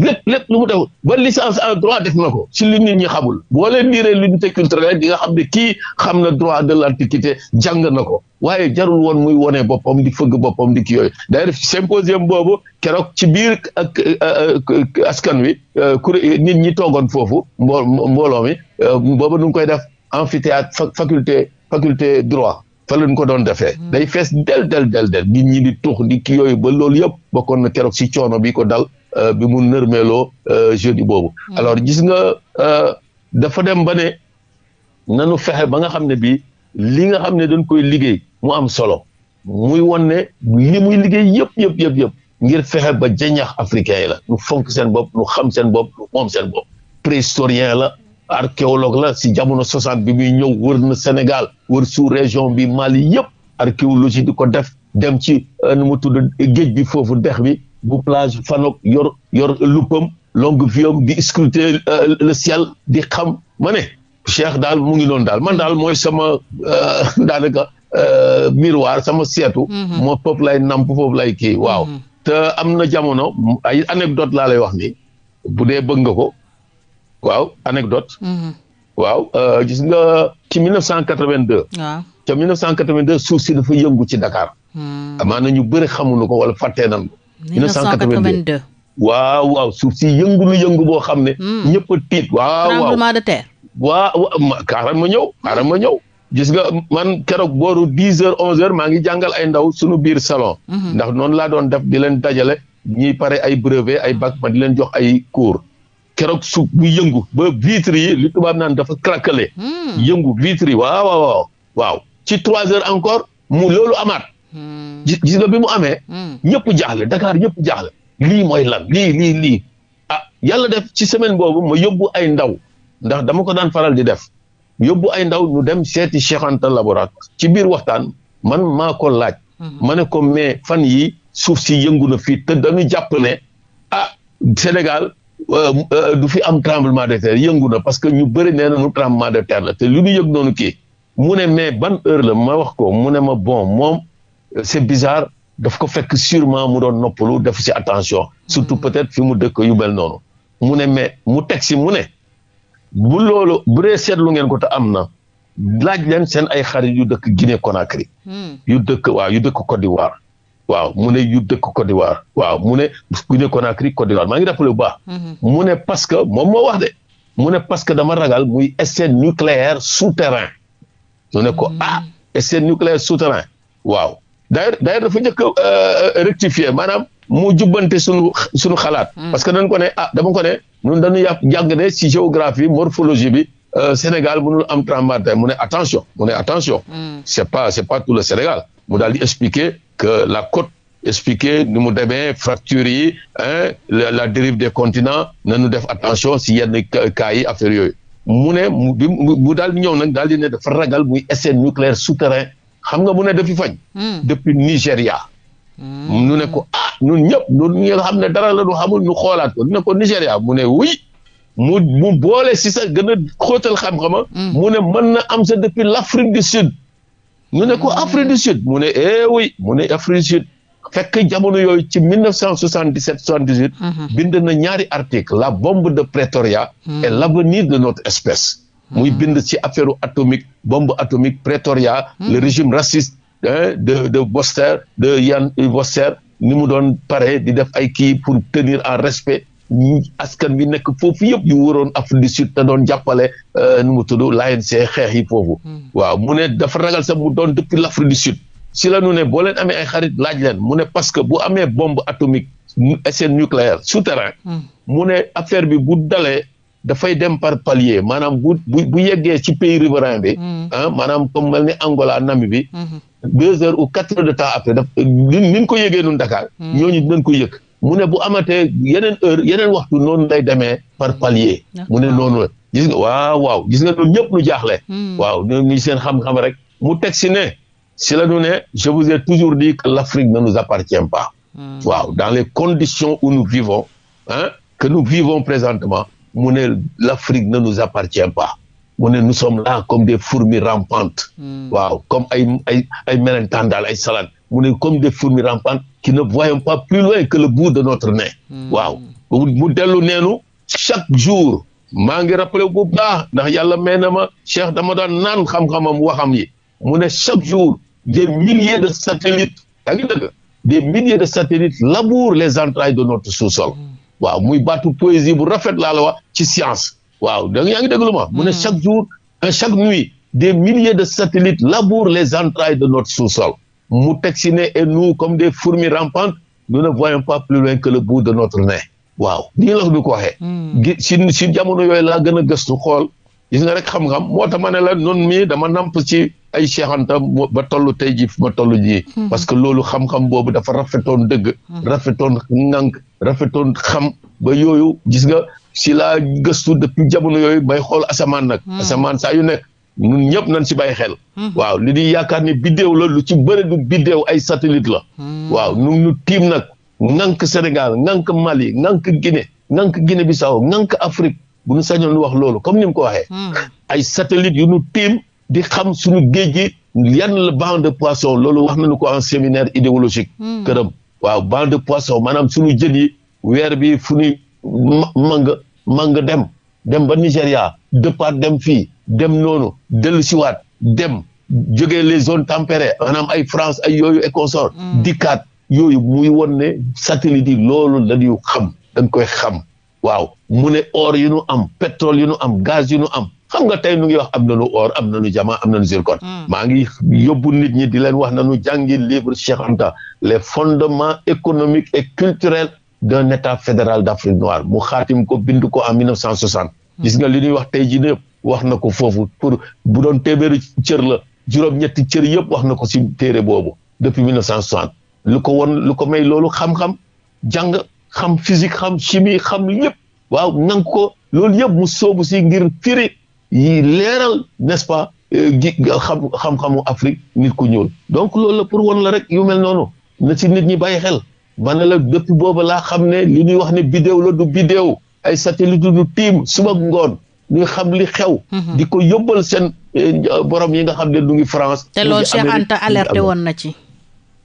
lépp lépp lu mu def ba licence en droit def na ko ci li nit ñi xamul boo leen liiree l'unité culturelle di nga xam ne kii xam na droit de l'antiquité jàng na ko waaye jarul woon muy wone boppam di fëgg boppam di kii yooyu d'ailleurs symposium boobu keroog ci biir ak askan wi kuré nit ñi toogoon foofu mbooloo mi booba nu koy def amphithéâtre faculté faculté droit fa lañ ko doon defee hmm. day fees del del del del nit ñi di tux di kii yooyu ba loolu yëpp bokkoon na keroog si coono bi ko dal euh, bi mu nërmeeloo euh, jeudi boobu hmm. alors gis nga euh, dafa dem ba ne nanu fexe ba nga xam ne bii li nga xam ne dañ koy liggéey mu am solo muy won ne li muy liggéey yëpp yëpp yëpp yëpp ngir fexe ba jañax africain yi la ñu fonk seen bopp ñu xam seen bopp ñu moom seen bopp préhistorien la archéologue la si jamono 60 bi muy ñëw wër na Sénégal wër sous région bi Mali yëpp archéologie di ko def dem ci euh, nu mu tudd géej bi foofu dex bi bu plage Fanok yor yor luppam longue vue di scruter euh, le ciel di xam ma ne Cheikh daal mu ngi noonu daal man daal mooy sama euh, daanaka miroir sama seetu. Mhm. moo foofu lay namp foofu lay kii waaw. Mhm. te am na jamono ay anecdote laa lay wax ni bu dee bëgg nga ko. waaw anecdote mhm. waaw euh, gis nga ci 1982. waaw ca 1982 suuf si dafa yëngu ci Dakar. Hmm. amaana ñu bëri xamuñu ko wala fàttee nañu ko. 1982 waaw waaw suuf si yëngu lu yëngu boo xam ne. Hmm. ñëpp a tiit waaw waaw tremblement ma kaaral ma ñëw kaaral ma ñëw. gis nga man keroog booru dix heures onze heures maa ngi jàngal ay ndaw suñu biir salon. Hmm. ndax noonu laa doon def di leen dajale ñiy pare ay brevet ay bac ma di leen jox ay cours. keroog suuf bu yëngu ba vitre yi li tubaab naan dafa craquelé. Hmm. yëngu vitre yi waaw waaw waaw ci trois heures encore mu loolu amaat. ji hmm. nga bi mu amee. Hmm. ñëpp jaaxle Dakar yëpp jaaxle lii mooy lan lii lii ah yàlla def ci semaine boobu ma yóbbu ay ndaw ndax dama ko daan faral di def yóbbu ay ndaw ñu dem seeti Cheikh Anta laboratoire ci biir waxtaan man maa laaj. ma ko mais fan yi suuf si yëngu na fiit te dañu jàpp ne ah Sénégal. Euh, euh, du fi am tremblement de terre yëngu na parce que ñu bëri nee nañu tremblement de terre la te lu ñu yëg noonu kii mu ne mais ban heure la ma wax ko mu ne ma bon moom euh, c'est bizarre daf ko fekk surement mu doon noppalu def si attention surtout mm. peut-être fi mu dëkk yu mel noonu mu ne mais mu teg si mu ne bu loolu bu dee seetlu ngeen ko te am na laaj leen seen ay xarit yu dëkk Guinée Conakry mm. yu dëkk waaw yu dëkk Côte d'Ivoire waaw mu ne yu dëkk Côte d'Ivoire waaw mu ne Guinée Conakry Côte d'Ivoire maa ngi rappelé u baax. Mhm. mu ne parce que moom moo wax de mu ne parce que dama ragal muy essai nucléaire souterrain ñu ne ko mhm. ah essai nucléaire souterrain waaw d'ailleurs d'ailleurs dafa njëkk a euh, euh, rectifier maanaam mu jubbante sunu xalaat. Mhm. parce que dañ ko ne ah dama ko ne ñun dañu yàq jàng ne ci géographie morphologie bi. Euh, Sénégal mënul am Tremblant de mu ne attention mu ne attention. c'est pas c'est pas tout le Sénégal mu daal di expliquer que la côte expliquer nu mu demee fracture yi la dérive des continents nañu def attention si yenn cas affaire yooyu mu ne mu daal di ñëw nag daal di ne dafa ragal muy essai nucléaire souterrain xam nga mu ne depuis fañ hmm. depuis Nigéria nu hmm. ne ko ah ñun ñëpp ñun ñi nga xam ne dara la ñu xamul ñu xoolaat ko nu ne ko Nigéria mu ne oui mu mu boole si sa gën a xóotal xam-xama hmm. mu ne mën na am sa depuis l'Afrique du Sud ñu ne ko Afrique du Sud mu ne eh mu ne Afrique du Sud fekk jamono yooyu ci 1977 78. Mhm. bind na ñaari article la bombe de Pretoria. Mhm. et l'avenir de notre espèce. muy mhm. bind si affaire atomique bombe atomique Pretoria. le régime raciste de de Vorster de Jan Vorster ni mu doon pare di def ay kii pour tenir en respect. askan bi nekk foofu yëpp yu waroon Afrique du Sud te doon jàppale euh, nu mu tudd l'ANC xeex yi foofu. Hmm. waaw mu ne dafa ragal sax mu doon depuis l'Afrique du Sud. si la ñu ne boo leen amee ay xarit laaj leen mu ne parce que bu amee bombe atomique essai nucléaire souterrain. Hmm. mu ne affaire bi bu dalee. dafay dem par palier maanaam bu bu bu yeggee ci pays riverain bi. Hmm. ah maanaam comme mel ni Angola Namibie. deux heures ou quatre heures de temps après daf ko yëgee nun Dakar. mu ne bu amate yeneen heure yeneen waxtu noonu lay demee par palier mu ne noonu la gis waaw waaw gis nga ñëpp nu jaaxle hmm. waaw ñu seen xam-xam rek mu teg si ne si la ñu ne je vous ai toujours dit que l'Afrique ne nous appartient pas hmm. waaw dans les conditions où nous vivons hein que nous vivons présentement mu ne l'Afrique ne nous appartient pas mu ne nous sommes là comme des fourmis rampantes hmm. waaw comme ay ay ay melentaan daal ay salade mu ne comme des fourmis rampantes qui ne voyons pas plus loin que le bout de notre nez. Hmm. waaw mu dellu neenu chaque jour maa ngi rappelé bu baax ndax yàlla may na ma Cheikh dama daan naan xam-xamam waxam yi mu ne chaque jour des milliers de satellites yaa ngi dëgg de satellites labourent les entrailles de notre sous-sol hmm. waaw muy baatu poésie bu rafet laa la wax ci science waaw da yaa ngi déglu ma mu ne hmm. chaque jour euh, chaque nuit des milliers de satellites labour les entrailles de notre sous mu teg si ne et nous comme des fourmis rampantes nous ne voyons pas plus loin que le bout de notre nez waaw nii la du ko hmm. si si jamono yooyu laa gën a gëstu xool gis nga rek xam-xam moo tax ma ne la noonu mii dama namp ci ay Cheikh Anta ba toll tey ji fi ma toll ji hmm. parce que loolu xam-xam boobu dafa rafetoon dëgg hmm. rafetoon ngank rafetoon xam ba yooyu gis nga si la gëstu depuis jamono yooyu bay xool asamaan nag asamaan saa yu nekk ñun ñëpp nañ si bàyyi xel. Mhm. waaw li di yaakaar ni biddéew la lu ci bëri du biddéew ay satellite la. Mhm. waaw ñun ñu tiim nag ngank Sénégal ngank Mali ngank Guinée ngank Guinée Bissau ngank Afrique bu ñu sañoon nu wax loolu comme ni mu ko waxee. Mhm. ay satellite yu ñu tiim di xam suñu géej gi yan la banc de poisson loolu wax nañu ko en séminaire idéologique. këram waaw banc de poisson maanaam suñu jën yi weer bi fu ñuy mang mang dem dem ba Nigéria départ dem fii. dem noonu dellu siwaat dem jógee les zones tempérées maanaam ay France ay yooyu et consort mm. dikkaat yooyu muy won ne satellite yi loolu la ñu xam dañ koy xam waaw mu ne or yu nu am pétrole yu nu am gaz yu nu am xam nga tey nu ngi wax am nañu or am na nañu jama am nañu zircon. Mm. maa ngi yóbbu nit ñi di leen wax na nañu jàngi livre Cheikh Anta les fondements économiques et culturels d'un état fédéral d'Afrique noire mu xaatim ko bind ko en 1960. Mm. gis nga li ñuy wax tey jii yëpp wax na ko foofu pour bu doon téeméeri cër la juróom-ñetti cër yëpp wax na ko si téere boobu depuis 1960 lu ko won lu ko may loolu xam-xam jàng xam physique xam chimie xam yëpp waaw nang ko loolu yëpp mu soobu si ngir firi yi leeral n'est-ce pas euh, xam xam-xamu Afrique nit ku ñuul donc loolu la pour won la rek yu mel noonu na si nit ñi bàyyi xel ma ne la depuis boobu laa xam ne li ñuy wax ne bidéew la du bidéew ay satellite du tiim suba ngoon di xam li xew. Mhm. di ko yóbbal seen eh, eh, borom yi nga xam ne du ngi France. te loolu Cheikh Anta alerté woon na ci.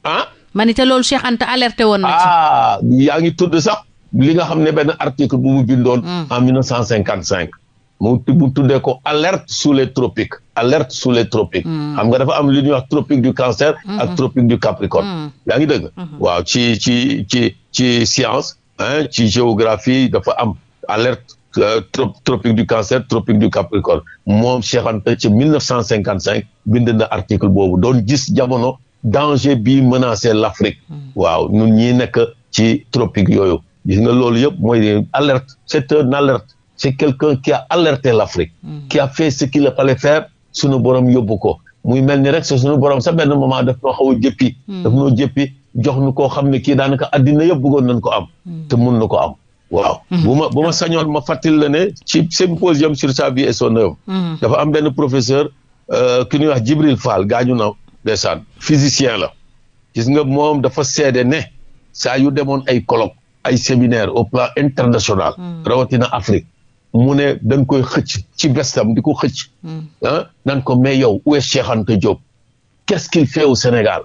ah. ma ni te loolu Cheikh Anta alerté woon na ah, yaa ngi tudd sax li nga xam ne benn article bu mu bindoon. Mm. en 1955. mu mu tuddee ko alerte sous tropique alerte sous les mm. xam nga dafa am lu ñuy wax tropique du cancer. Mm-hmm. ak tropique du capricorne. Mm. yaa ngi dëgg. Mm-hmm. waaw ci ci ci ci science. ci géographie dafa am alerte. Euh, tropique du cancer tropique du capricorne moom Cheikh Anta ci 1955 bind na article boobu doon gis jamono danger bi menacer l'Afrique hmm. waaw ñun ñi nekk ci tropique yooyu gis nga loolu yëpp mooy alerte c'est un alerte c'est quelqu'un qui a alerté l'Afrique hmm. qui a fait ce qu'il fallait faire sunu borom yóbbu ko muy mel ni rek sa sunu borom sa benn moment daf noo xaw a jëppi hmm. daf noo jëppi jox nu koo xam ne kii daanaka addina yëpp bëggoon ko am te mun na ko am waaw mhm. bu ma bu ma sañoon ma fàttali la ne ci symposium sur sa vie et son œuvre mhm. am benn professeur euh, ki ñuy wax Jibril Fall gaañu na ndeysaan physicien la gis nga moom dafa seede ne saa yu demoon ay colloque ay séminaire au plan international mhm. rawatina Afrique mu ne dañ koy xëcc ci bestam di ko xëcc ah nan ko mais yow où est Cheikh Anta Diop qu'est-ce fait au Sénégal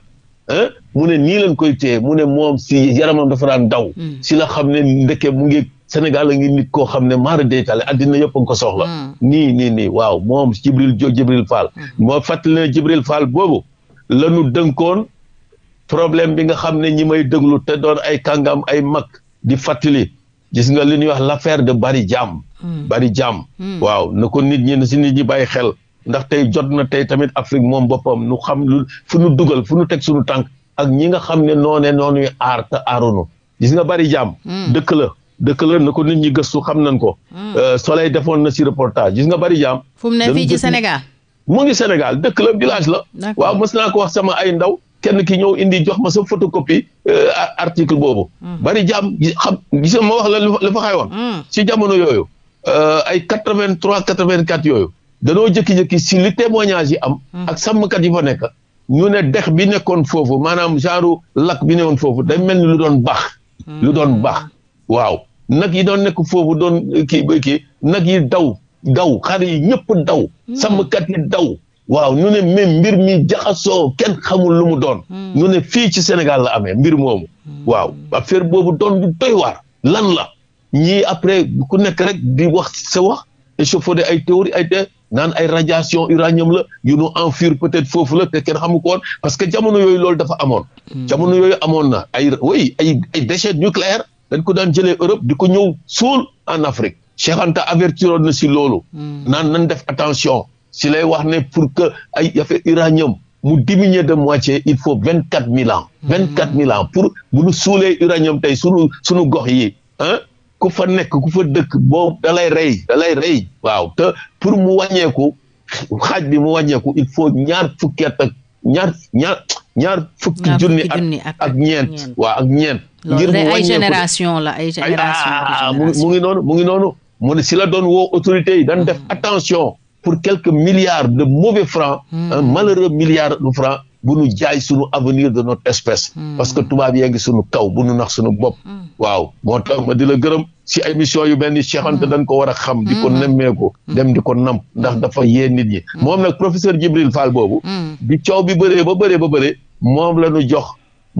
mu ne nii lañ koy téye mu ne moom si yaramam dafa daan daw. Hmm. si la xam ne ndeke mu ngi Sénégal la ngi nit koo xam ne maara deytaale addina yëpp a nga ko soxla. Hmm. nii nii nii waaw moom Jibril jo Jibril hmm. moo fàttali ne Jibril Fall boobu lanu dënkoon problème bi nga xam ne ñi may déglu te doon ay kàngam ay mag di fàttali gis nga li ñuy wax l'affaire de Bari Jam. Bari Jam. waaw na nit ñi si nit ñi bàyyi xel. ndax tey jot na tey tamit Afrique moom boppam nu xam lu fu nu dugal fu nu teg sunu tànk ak ñi nga xam ne noo ne noonuy aar te aarunu gis nga bari jaam hmm. dëkk la dëkk la na ko nit ñi gëstu xam nañ ko hmm. euh, Soleil defoon na si reportage gis nga bari jaam fu mu ne fii ci Sénégal mu ngi Sénégal dëkk la village la waaw mës naa ko wax sama ay ndaw kenn ki ñëw indi jox ma sa photocopie euh, article boobu hmm. bari jaam xam gis ma wax la la fa xewoon ci jamono yooyu euh, ay quatre vingt trois quatre vingt quatre yooyu danoo jëkki-jëkki si li témoignage yi am. Hmm. ak sàmmkat yi fa nekk. ñu ne dex bi nekkoon foofu maanaam genre lakk bi nekkoon foofu day mel ni lu doon baax. Hmm. lu doon baax waaw nag yi doon nekk foofu doon kii kii nag yi daw daw xar yi ñëpp daw. Hmm. sàmmkat yi daw. waaw ñu ne même mbir mi jaxasoo kenn xamul lu mu doon. ñu ne fii ci Sénégal la amee mbir moomu. waaw affaire boobu doon du doy waar. lan la ñii après ku nekk rek di wax sa wax échauffouré ay théorie ay. naan ay radiation uranium la yu nu enfure peut-être foofu la te kenn xamu ko woon parce que jamono yooyu loolu dafa amoon. Hmm. jamono yooyu amoon na ay oui ay ay déchets nucléaires dañ ko daan jëlee Europe di ko ñëw suul en Afrique Cheikh Anta avertiroon na si loolu. Hmm. naan nañ def attention si lay wax ne pour que ay yafe uranium. mu diminuer de moitié il faut vingt quatre mille ans. Hmm. vingt quatre mille ans pour bu nu suulee uranium tey sunu sunu gox yi ah ku fa nekk ku fa dëkk boo dalay rey dalay rey waaw pour mu wàññeeku xaaj bi mu wàññeeku il faut ñaar fukki at ak ñaar ñaar ñaar fukki junni ak ak ñeent waaw ak ñeent ngir mu ay génération la ay ah, ah, génération mu ngi noonu mu ngi noonu mu ne si la doon woo autorités yi dañ def mm. attention pour quelques milliards de mauvais francs mm. un malheureux milliard de francs bu nu jaay sunu avenir de notre espèce. Hmm. parce que tubaab yaa ngi sunu kaw bu nu nax sunu bopp. Hmm. waaw ma di gërëm si ay mission yu benn Cheikh Anta hmm. dañ ko war a xam. di ko nemmeeku. dem di ko namp ndax dafa yee nit ñi. moom nag professeur Djibril Fall boobu. bi coow bi bëree ba bëree ba bëree moom la ñu jox.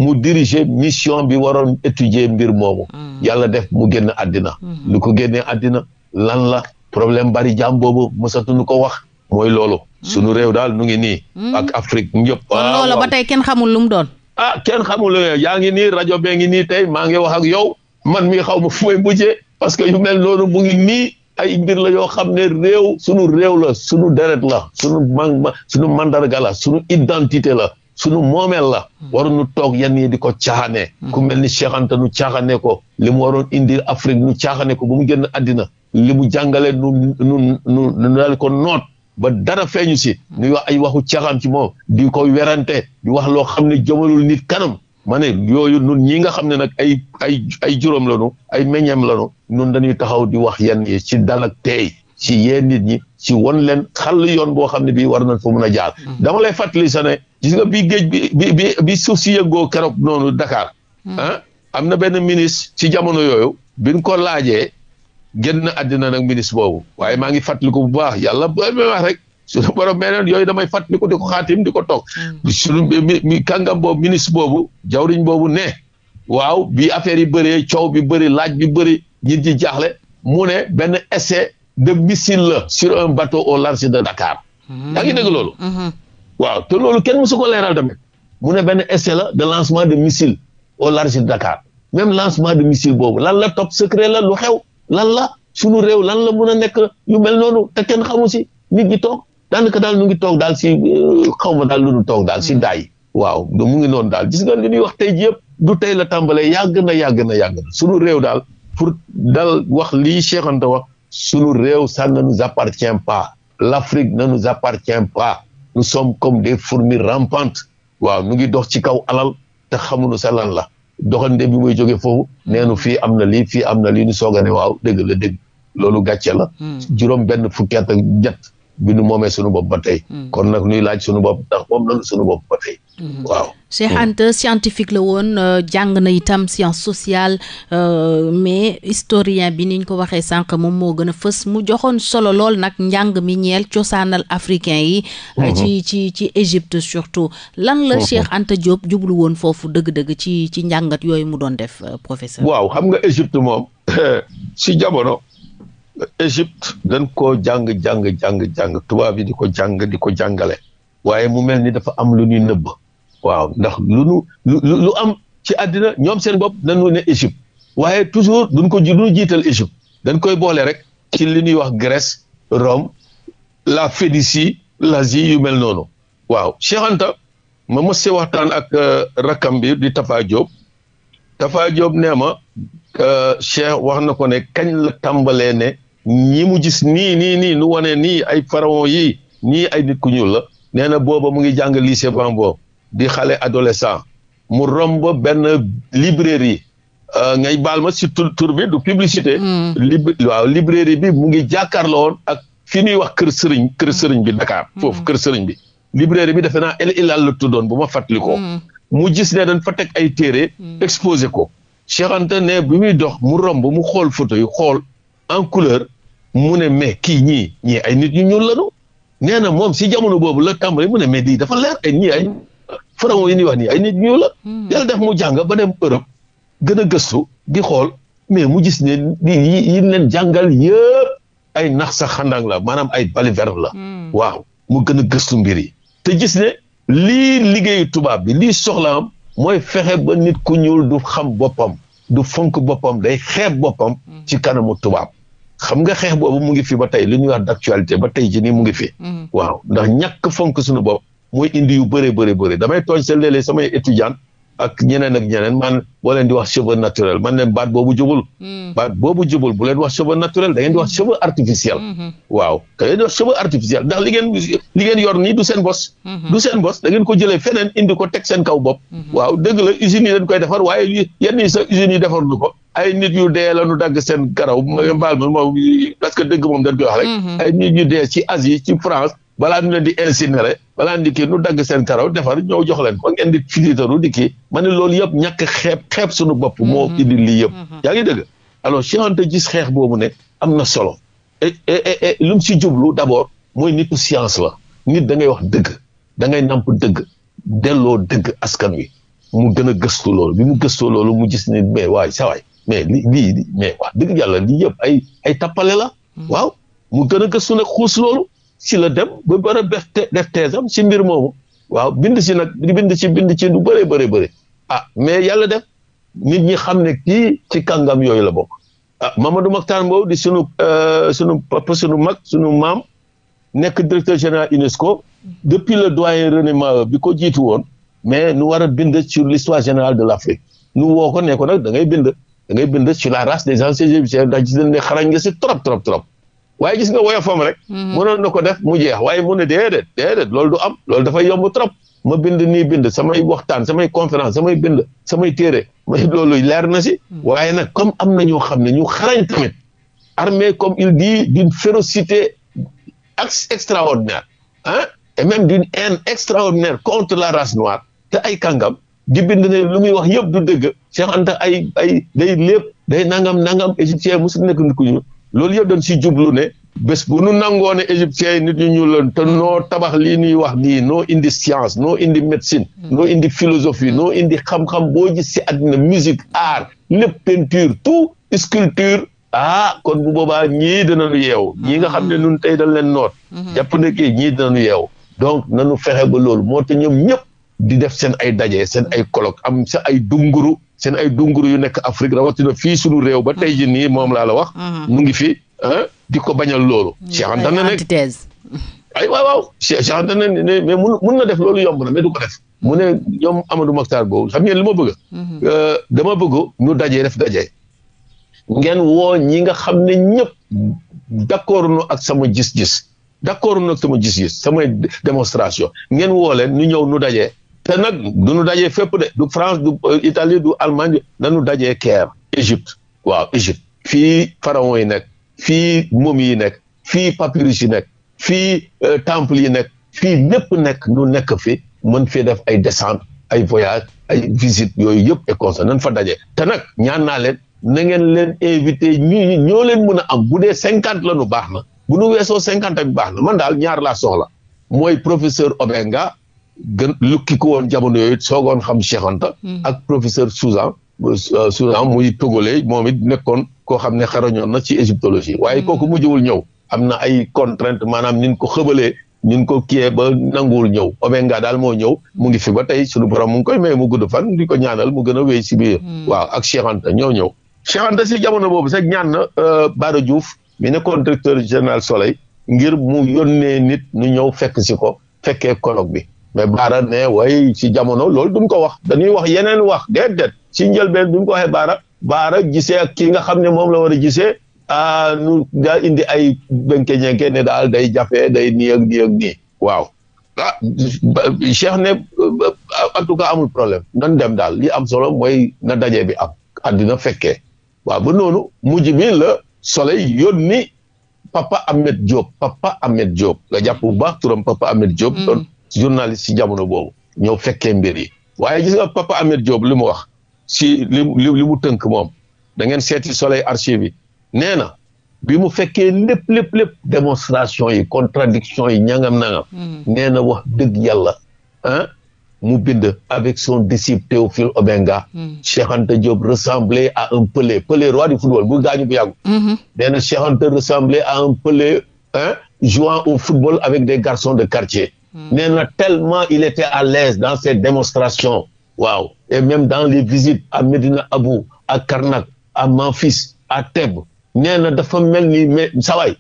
mu diriger mission bi waroon étudier mbir moomu. yàlla def mu génn àddina. lu ko génnee àddina lan la problème bari jàmm boobu mosatuñu ko wax mooy loolu. sunu réew daal nu ngi nii. Hmm. ak Afrique ñëpp. kon ba tey kenn xamul lu mu doon. ah kenn xamul lu eh, yaa ngi nii rajo bee ngi nii tey maa ngi wax ak yow man mi xaw ma fu may mujjee parce que yu mel noonu mu ngi nii. ay mbir la yoo xam ne réew sunu réew la sunu deret la sunu man sunu mandarga la sunu identité la sunu moomeel la hmm. waruñu toog yenn yi di ko caaxaanee hmm. ku mel ni Cheikh nu caaxaanee ko li mu waroon indi Afrique nu caaxaanee ko ba mu génn àddina li mu jàngale nu nu nu ko noot ba dara feeñu si ñuy wax ay waxu caxam ci moom di ko werante di wax loo xam ne jëmalul nit kanam ma yooyu nun ñi nga xam ne nag ay ay ay juróom lañu ay meññeem lañu nun dañuy taxaw di wax yenn yi ci dal ak teey ci yéen nit ñi ci won leen xàll yoon boo xam ne bii war na fa mun a jaar mm-hmm. dama lay fàttali sa ne gis nga bii géej bi bi bi bi suuf si yëngoo keroog noonu Dakar mm-hmm. ah am na benn ministre ci jamono yooyu biñ ko laajee génn àddina nag ministre boobu waaye maa ngi fàttaliku bu baax yàlla bu may wax rek suñu borom meneen yooyu damay fàttaliku di ko xaatim di ko toog mm. suñu mi kàngam boobu ministre boobu jawriñ boobu ne waaw bi affaire yi bëree coow bi bëri laaj bi bëri nit ñi jaaxle mu ne benn essai de missile la sur un bateau au large de Dakar mm. yaa ngi dégg loolu mm-hmm. waaw te loolu kenn mësu ko leeral tamit mu ne benn essai la de lancement de missile au large de Dakar même lancement de missile la topp secret la lu lan la suñu réew lan la mun a nekk yu mel noonu te kenn xamu si nit ñi toog daanaka daal ñu ngi toog daal si euh, xaw ma daal lu ñu toog daal si mm. daay waaw mu ngi noonu daal gis nga li ñuy wax tey ji yëpp du tey la tàmbalee yàgg na yàgg na yàgg na réew daal pour dal wax lii Cheikh Anta wax suñu réew ça ne nous appartient pas l'Afrique ne nous appartient pas nous sommes comme des fourmis rampantes waaw ñu ngi dox ci kaw alal te xamuñu sa lan la doxande bi muy joge foofu hmm. nee nu fii am na lii fii am na lii nu soog a ne waaw dëgg la dëgg loolu gàcce la. Hmm. juróom benn fu at ak ñett bi nu moomee sunu bopp ba tey. Hmm. kon nag nuy laaj sunu bopp ndax moom lañu sunu bopp ba tey. Hmm. waaw. Cheikh hmm. scientifique la woon euh, jàng na itam science sociale euh, mais historien bi niñ ko waxee sànq moom moo gën a fës mu joxoon solo lool nag njàng mi ñeel cosaanal africain yi. ci ci ci Égypte surtout. lan la Cheikh Anta Diop jublu woon foofu dëgg-dëgg ci ci njàngat yooyu mu doon def euh, professeur. waaw xam nga Égypte moom si jamono. Égypte dañ ko jàng jàng jàng jàng tubaab yi di ko jàng di ko jàngale waaye mu mel ni dafa am lu ñuy nëbb waaw ndax lu nu lu am ci àddina ñoom seen bopp dañu ne Égypte waaye toujours duñ ko duñu jiital Égypte dañ koy boole rek ci li ñuy wax Grèce Rome la Phénicie l'Asie yu mel noonu waaw Cheikh ma mës si waxtaan ak euh, rakam mbir di Tafa Diop Tafa Diop nee ma euh, Cheikh wax na ko ne kañ la tàmbalee ne ñi mu gis nii nii nii nu wane nii ay pharaon yi ñii ay nit ku ñuul la nee na booba mu ngi jàng lycée Bambo di xale adolescent mu romb benn librairie euh, ngay baal ma si tur bi du publicité. Hmm. lib waaw librairie bi mu ngi jàkkaarloon ak fi ñuy wax kër sëriñ kër sëriñ bi Dakar. Hmm. foofu kër sëriñ bi. librairie bi defe naa El Hilal la tuddoon bu ma fàttali ko. Hmm. mu gis ne dañ fa teg ay téere. exposé ko. Cheikh Anta ne bi muy dox mu romb mu xool photo yi xool en couleur. mu ne mais kii ñii ñii ay nit ñu ñuul lañu nee na moom si jamono boobu la tàmbali mu ne mais lii dafa leer ay nii ay pharaon yi ñuy wax nii ay nit ñuul la. Hmm. yàlla def mu jàng ba dem Europe gën a gëstu gi xool mais mu gis ne lii yi leen jàngal yëpp ay nax sa xandang la maanaam ay balivernes la. Hmm. waaw mu gën a gëstu mbir yi. te gis ne lii liggéeyu tubaab bi lii soxlaam mooy fexe ba nit ku ñuul du xam boppam du fonk boppam day xeeb boppam hmm. ci kanamu tubaab. xam nga xeex ba mu ngi fi ba tey lu ñuy wax d'actualité ba tey ci nii mu ngi fi. Mm-hmm. waaw ndax ñàkk fonk suñu bopp mooy indi yu bëree bëri bëri damay tooñ sa léeg-léeg samay étudiant ak ñeneen ak ñeneen man boo leen wax cheveux naturel man leen baat boobu jubul. Hmm. baat boobu jubul bu leen wax cheveux naturel da ngeen di wax hmm. cheveux artificiel. Hmm. waaw da ngeen di wax cheveux artificiel ndax li ngeen li ngeen yor nii du seen bos. du seen bos da ngeen ko jëlee feneen indi ko teg seen kaw bop waaw dëgg la usines yi dañ koy defar waaye yenn yi sax usines yi defar lu ko. ay nit yu dee la ñu dagg seen garaw mbaal ma moom parce que dëgg moom dañ koy wax ay nit yu dee ci Asie ci France. balaa ñu leen di incinéré balaa di nu dagg seen karaw defar ñoo jox leen ba ngeen di filitaru di kii ma ne loolu yëpp ñàkk xeeb xeeb suñu bopp moo mm-hmm. indi lii yëpp mm-hmm. yaa ngi dëgg alors Cheikh Anta gis xeex boobu ne am na solo et lu si jublu d' abord mooy nitu science la nit da ngay wax dëgg dangay namp dëgg delloo dëgg askan wi mu gën a gëstu loolu mu gëstoo loolu mu gis ne mais waay sa mais li lii mais wax dëgg yàlla lii yëpp ay ay tappale la mm-hmm. waaw mu gën a gëstu nag si la dem ba bara def teesam si mbir moomu waaw bind si nag bind si bind ci lu bëree bëri bëri ah mais yàlla def nit ñi xam ne kii ci kàngam yooyu la bokk ah Mamadou Makhtar Mbow di sunu euh, sunu papa sunu mag sunu maam nekk directeur général UNESCO depuis le doyen René Maheu bi ko jiitu woon mais nu war a bind sur l'histoire générale de l'Afrique nu woo ko ne ko nag da ngay bind da ngay bind sur la race des anciens égyptiens ndax gis nañ ne xarañ nga si trop trop trop waaye gis nga woyofam rek. Mhm. mënoon na ko def mu jeex waaye mu ne déedéet déedéet loolu du am loolu dafay yomb trop. ma bind nii bind samay waxtaan samay conférence samay bind samay téere ma loolu leer na si. Hmm. waaye nag comme am na ñoo xam ne ñu xarañ tamit. armée comme il dit d'une férocité extraordinaire ah et même d'une haine extraordinaire contre la race noire te ay kàngam di bind ne lu muy wax yëpp du dëgg Cheikh Anta ay ay day lépp day nangam nangam égyptien musul nekk nit ñu loolu yëpp dañ si jublu ne bés bu nu nangoo ne égyptiens yi nit ñu ñu lan te noo tabax li ñuy wax nii noo indi science noo indi médecine hmm. noo indi philosophie noo indi xam-xam boo gis si àddina musique art lépp peinture tout sculpture ah kon bu boobaa ñii dinañu yeewu ñii nga xam ne nun hmm. tey dañ leen noot hmm. jàpp na kii ñii dinañu yeewu donc nañu fexe ba loolu moo te ñoom ñëpp di def seen ay daje seen ay colloque am sa ay dunguru seen ay dunguru yu nekk Afrique rawatina fii sunu réew ba tey ji nii moom laa la wax. Mm-hmm. mu ngi fi di ko bañal loolu. Mm-hmm. Cheikh Anta ne nag ay waaw waaw Cheikh Anta ne mais mun na def loolu yomb na mais du def. mu ne ñoom Amadou Mokhtar boobu xam ngeen li ma bëgg. Mm-hmm. Euh, dama bëgg ñu dajee def dajee. ngeen woo ñi nga xam ne ñëpp d'accord nu ak sama gis-gis d'accord nu ak sama gis-gis samay démonstration ngeen woo leen ñu ñëw nu dajee. te nag du dajee fépp de du France du euh, Italie du Allemagne nañu dajee Caire Égypte waaw Égypte fii pharaon yi nekk fii momies yi nekk fii papyrus yi nekk fii euh, temple yi nekk fii lépp nekk nu nekk fi mën fii def ay descente ay voyage ay visite yooyu yëpp et constat nañ fa daje te nag ñaan naa leen na ngeen leen invité ñi ñoo leen mën a am bu dee cinquante la nu baax na bu nu weesoo cinquante ak baax na man daal ñaar laa soxla mooy professeur Obenga gën lukki ku woon jamono yooyu soogoon xam Cheikh Anta hmm. ak professeur Souzan euh, Souzan muy togolais moom it nekkoon koo xam ne xarañoon na ci égyptologie hmm. waaye kooku mujjewul ñëw am na ay contrainte maanaam nin ko xëbalee nin ko kiyee ba nanguwul ñëw Obenga daal moo ñëw mu ngi fi ba tey sunu borom mu ngi koy may mu gudd fan di ko ñaanal mu gën a wéy si biir hmm. waaw ak Cheikh Anta ñoo ñëw Cheikh Anta si jamono boobu sax ñaan na euh, Bara Diouf mi nekkoon directeur général Soleil ngir mu yónnee nit ñu ñëw fekk si ko fekkee colloque bi mais Baara ne way ci jamono loolu duñ ko wax dañuy wax yeneen wax déedéet ci njëlbeen duñ ko waxee Baara Baara gisee ak ki nga xam ne moom la war a gisee ah nu indi ay benke-ñenke ne daal day jafe day nii ak nii ak nii waaw ah Cheikh ne en amul problème nan dem daal li am solo mooy na daje bi am àddina fekkee waaw ba noonu mujj bi la soleil yónni Papa Ahmed Diop Papa Ahmed Diop nga jàpp bu baax turam Papa Ahmed Diop. Mm. doon journaliste ci jamono boobu ñëw fekkee mbir yi waaye gis nga Papa Ahmed Diop li mu wax si li li mu tënk moom da ngeen seeti soleil archive yi na bi mu fekkee lépp lépp lépp démonstration yi contradiction yi ñangam nangam hmm. nee na wax dëgg yàlla ah mu bind avec son disciple Théophile Obenga hmm. Cheikh Anta Diop a à un Pelé Pelé roi du football bu gaañu bu yàggu hmm. nee na Cheikh Anta un Pelé hein au football avec des garçons de quartier nee mm. na tellement il était à l'aise dans ses démonstrations waaw et même dans les visites à Medina Abou à Karnak à Memphis à teb nee na dafa mel ni mais saway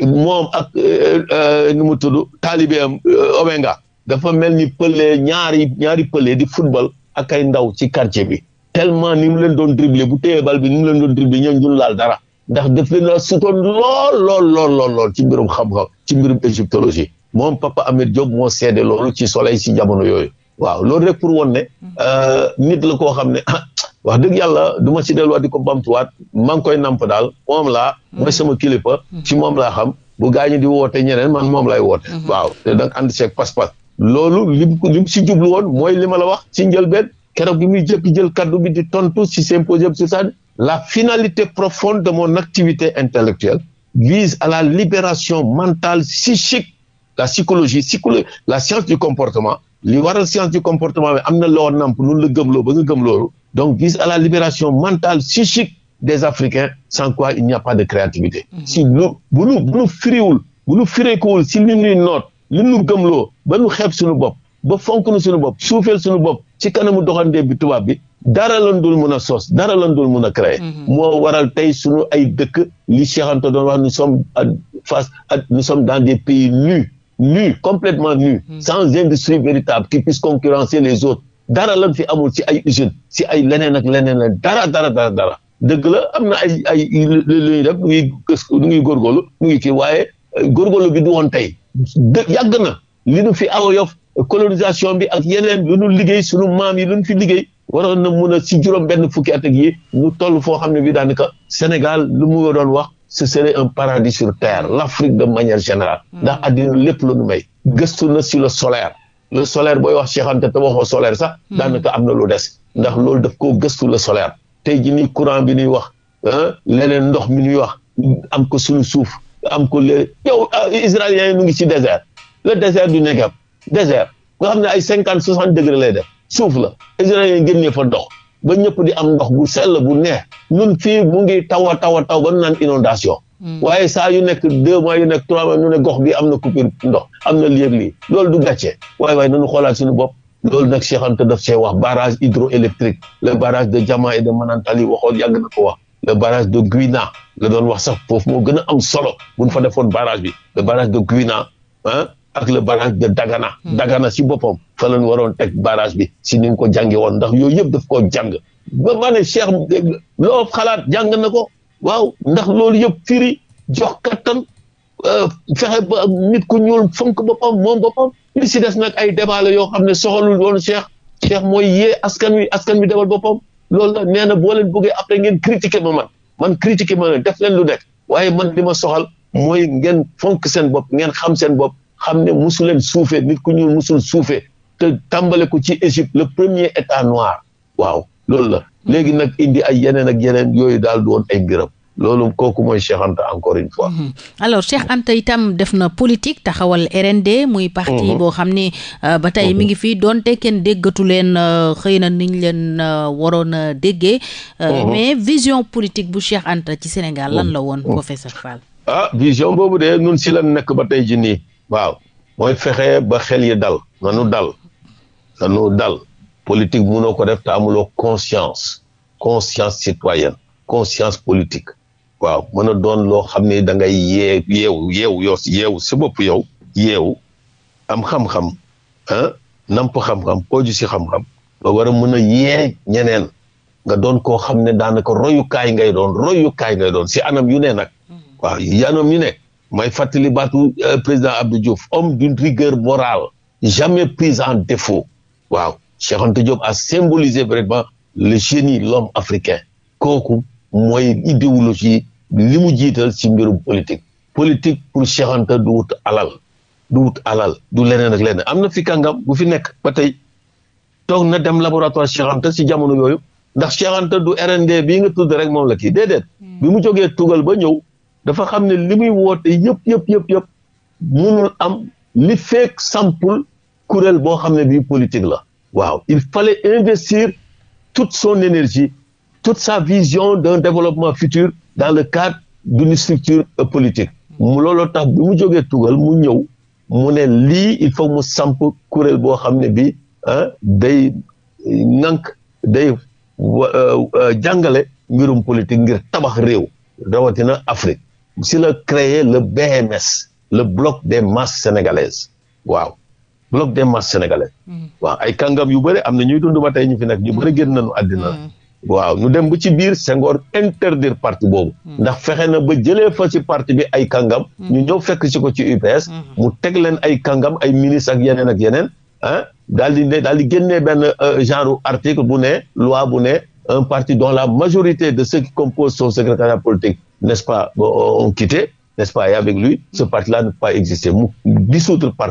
moom ak euh, euh, nu mu tudd taalibeem euh, Obenga dafa mel ni pëlee ñaari ñaari pëlee di football ak ay ndaw ci quartier bi tellement ni mu leen doon dribblé bu téye bal bi ni mu leen doon dribblé ñoom ñun laal dara ndax daf leen a sutoon lool lool lool lool lool ci mbirum xam-xam ci mbirum égyptologie moom Papa Amir Diop moo seede loolu ci soleil si jamono yooyu waaw loolu rek pour woon ne euh, nit la koo xam ne ah wax dëgg yàlla du ma ci delluwaat di ko bamtuwaat maa ngi koy namp daal moom laa mooy sama kilifa ci moom laa xam bu gaañu di woote ñeneen man moom lay woote mhm. waaw te danga ànd seeg pas loolu lim lim si jublu woon mooy li ma la wax ci njëlbeen keroog bi muy jëkki jël kaddu bi di tontu si symposium bi sur la finalité profonde de mon activité intellectuelle vise la libération mentale psychique la psychologie psycholo la science du comportement li waral science du comportement bi am na loo namp nunu la gëmloo ba nga gëm loolu donc vise à la libération mentale psychique des Africains sans quoi il n'y a pas de créativité mm-hmm. si lu bu nu bu nu firiwul bu li noot li nu gëmloo ba nu xeeb suñu bopp ba fonk nu suñu bopp suufeel suñu bopp ci kanamu doxandee bi tubaab bi dara lan dul mun a sos dara lan dul mun a créer mm-hmm. moo waral tey suñu ay dëkk li Cheikh Anta doon wax dans des nu complètement nu hmm. sans industrie véritable qui puisse concurrencer les autres dara lan fi amul ci ay usine si ay leneen ak leneen la dara dara dara dara dëgg la am na ay ay luñuy def nu ngi nu ngi góorgóorlu nu ngi kii waaye euh, góorgóorlu bi du woon tey yàgg na li nu fi aw yof colonisation bi ak yeneen lu nu liggéey sunu maam yi lu nu fi liggéey waroon na mun a si juróom benn fukki at ak yi mu toll foo xam ne bi daanaka Sénégal lu mu doon wax ce serait un paradis sur terre l'Afrique de manière générale hmm. ndax àddina lépp la nu may gëstu na sur le solaire le solaire booy wax Cheikh Anta te waxoo solaire sax hmm. daanaka am na lu des ndax loolu def koo gëstu la solaire tey ji nii courant bi ñuy wax leneen ndox mi ñuy wax am ko suñu suuf am ko léeg yow ah, israéliens yi mu ngi ci désert le désert du Negev désert nga xam ne ay cinquante soixante degré lay def suuf la israéliens yi génnee fa ndox ba ñëpp di am ndox bu sell bu neex ñun fii mu ngi taw a taw a taw ba mu naan inondation hmm. waaye saa yu nekk deux mois yu nekk trois mois ñu ne gox bi am na coupure ndox am na léeg lii loolu du gàcce waaye waaye nañu xoolaat suñu bopp loolu nag Cheikh Anta daf see wax barrage hydroélectrique le barrage de Diama et de Manantali waxoon yàgg na ko wax le barrage de Gouina la doon wax sax foofu moo gën a am solo buñ fa defoon barrage bi le barrage de Gouina ak le barrage de Dagana. Hmm. Dagana si boppam fa la ñu waroon teg barrage bi si ni ko jàngi woon ndax yooyu yëpp daf koo jàng ba ma ne Cheikh loo xalaat jàng na ko waaw ndax loolu yëpp fiiri jox kattan euh, fexe ba nit ku ñuul fonk boppam moom boppam li si des nag ay débat yoo xam ne soxalul woon Cheikh Cheikh mooy yee askan wi askan wi demal boppam loolu la nee na boo leen bëggee après ngeen critiquer ma man man critiquer ma leen def leen lu nekk waaye man li ma soxal mooy ngeen fonk seen bopp ngeen xam seen bopp. xam ne musu leen suufee nit ku ñuul musul suufee te tàmbale ko ci Égypte le premier état noir waaw loolu la léegi nag indi ay yeneen ak yeneen yooyu daal doon woon ay mbiram loolu kooku mooy Cheikh Anta encore une fois. Mm-hmm. alors Cheikh Anta itam def na politique taxawal RND. muy parti mm-hmm. boo xam ni euh, ba tey mi mm-hmm. ngi fi donte kenn déggatu leen euh, xëy na niñ leen euh, waroon a déggee. mais vision politique bu Cheikh Anta ci Sénégal lan la woon professeur Fall. ah vision boobu de ñun si la nekk ba tey waaw mooy fexe ba xel yi dal nanu dal nanu dal politique munoo ko def te amuloo conscience conscience citoyenne conscience politique waaw mën a doon loo xam ne da ngay yee yeewu yeewu yoo yeewu si bopp yow yeew am xam-xam ah namp xam-xam pooju si xam-xam ba war a yee ñeneen nga doon koo xam ne daanaka royukaay ngay doon royukaay ngay doon si anam yu ne nag mm-hmm. waaw yu ne mooy fàttali baatu euh, président Abdou Diouf homme d'une rigueur morale jamais prise en défaut waaw Cheikh Anta Diop a symboliser vraiment le génie l'homme africain kooku mooy idéologie li mu jiital si mbirum politique politique pour Cheikh Anta du wut alal du wut alal du leneen ak leneen am na fi kàngam bu fi nekk ba tey toog na dem laboratoire Cheikh Anta ci jamono yooyu ndax Cheikh Anta du RND bii nga tudd rek moom la kii déedéet hmm. bi mu jógee tugal ba ñëw dafa xam ne li muy woote yëpp yëpp yëpp yëpp munul am li fekk sampul kuréel boo xam ne bii politique la waaw il fallait investir tout son énergie toute sa vision d'un développement futur dans le cadre d'une structure politique mu looloo tax bi mu jógee tugal mu ñëw mu ne lii il faut mu samp kuréel boo xam ne bi day ŋànk day euh, euh, jàngale mbirum politique ngir tabax réew rawatina Afrique si la créer le BMS le bloc des masses sénégalaises waaw bloc des masses sénégalaises. Mm. waaw ay kàngam yu bëri am na ñuy dund ba tey ñu fi nag ñu bëri mm. génn nu àddina mm. waaw ñu dem ba ci biir sengoor interdire parti boobu. ndax fexe na ba jëlee fa ci parti bi ay kàngam. ñu ñëw fekk ci ko ci UPS. mu teg leen ay kàngam ay ministre ak yeneen ak yeneen ah daal di ne daal di génnee benn euh, genre article bu ne loi bu ne un parti dont la majorité de ceux qui composent son secrétariat n'est-ce pas, ont quitté, n'est-ce pas, et avec lui, bi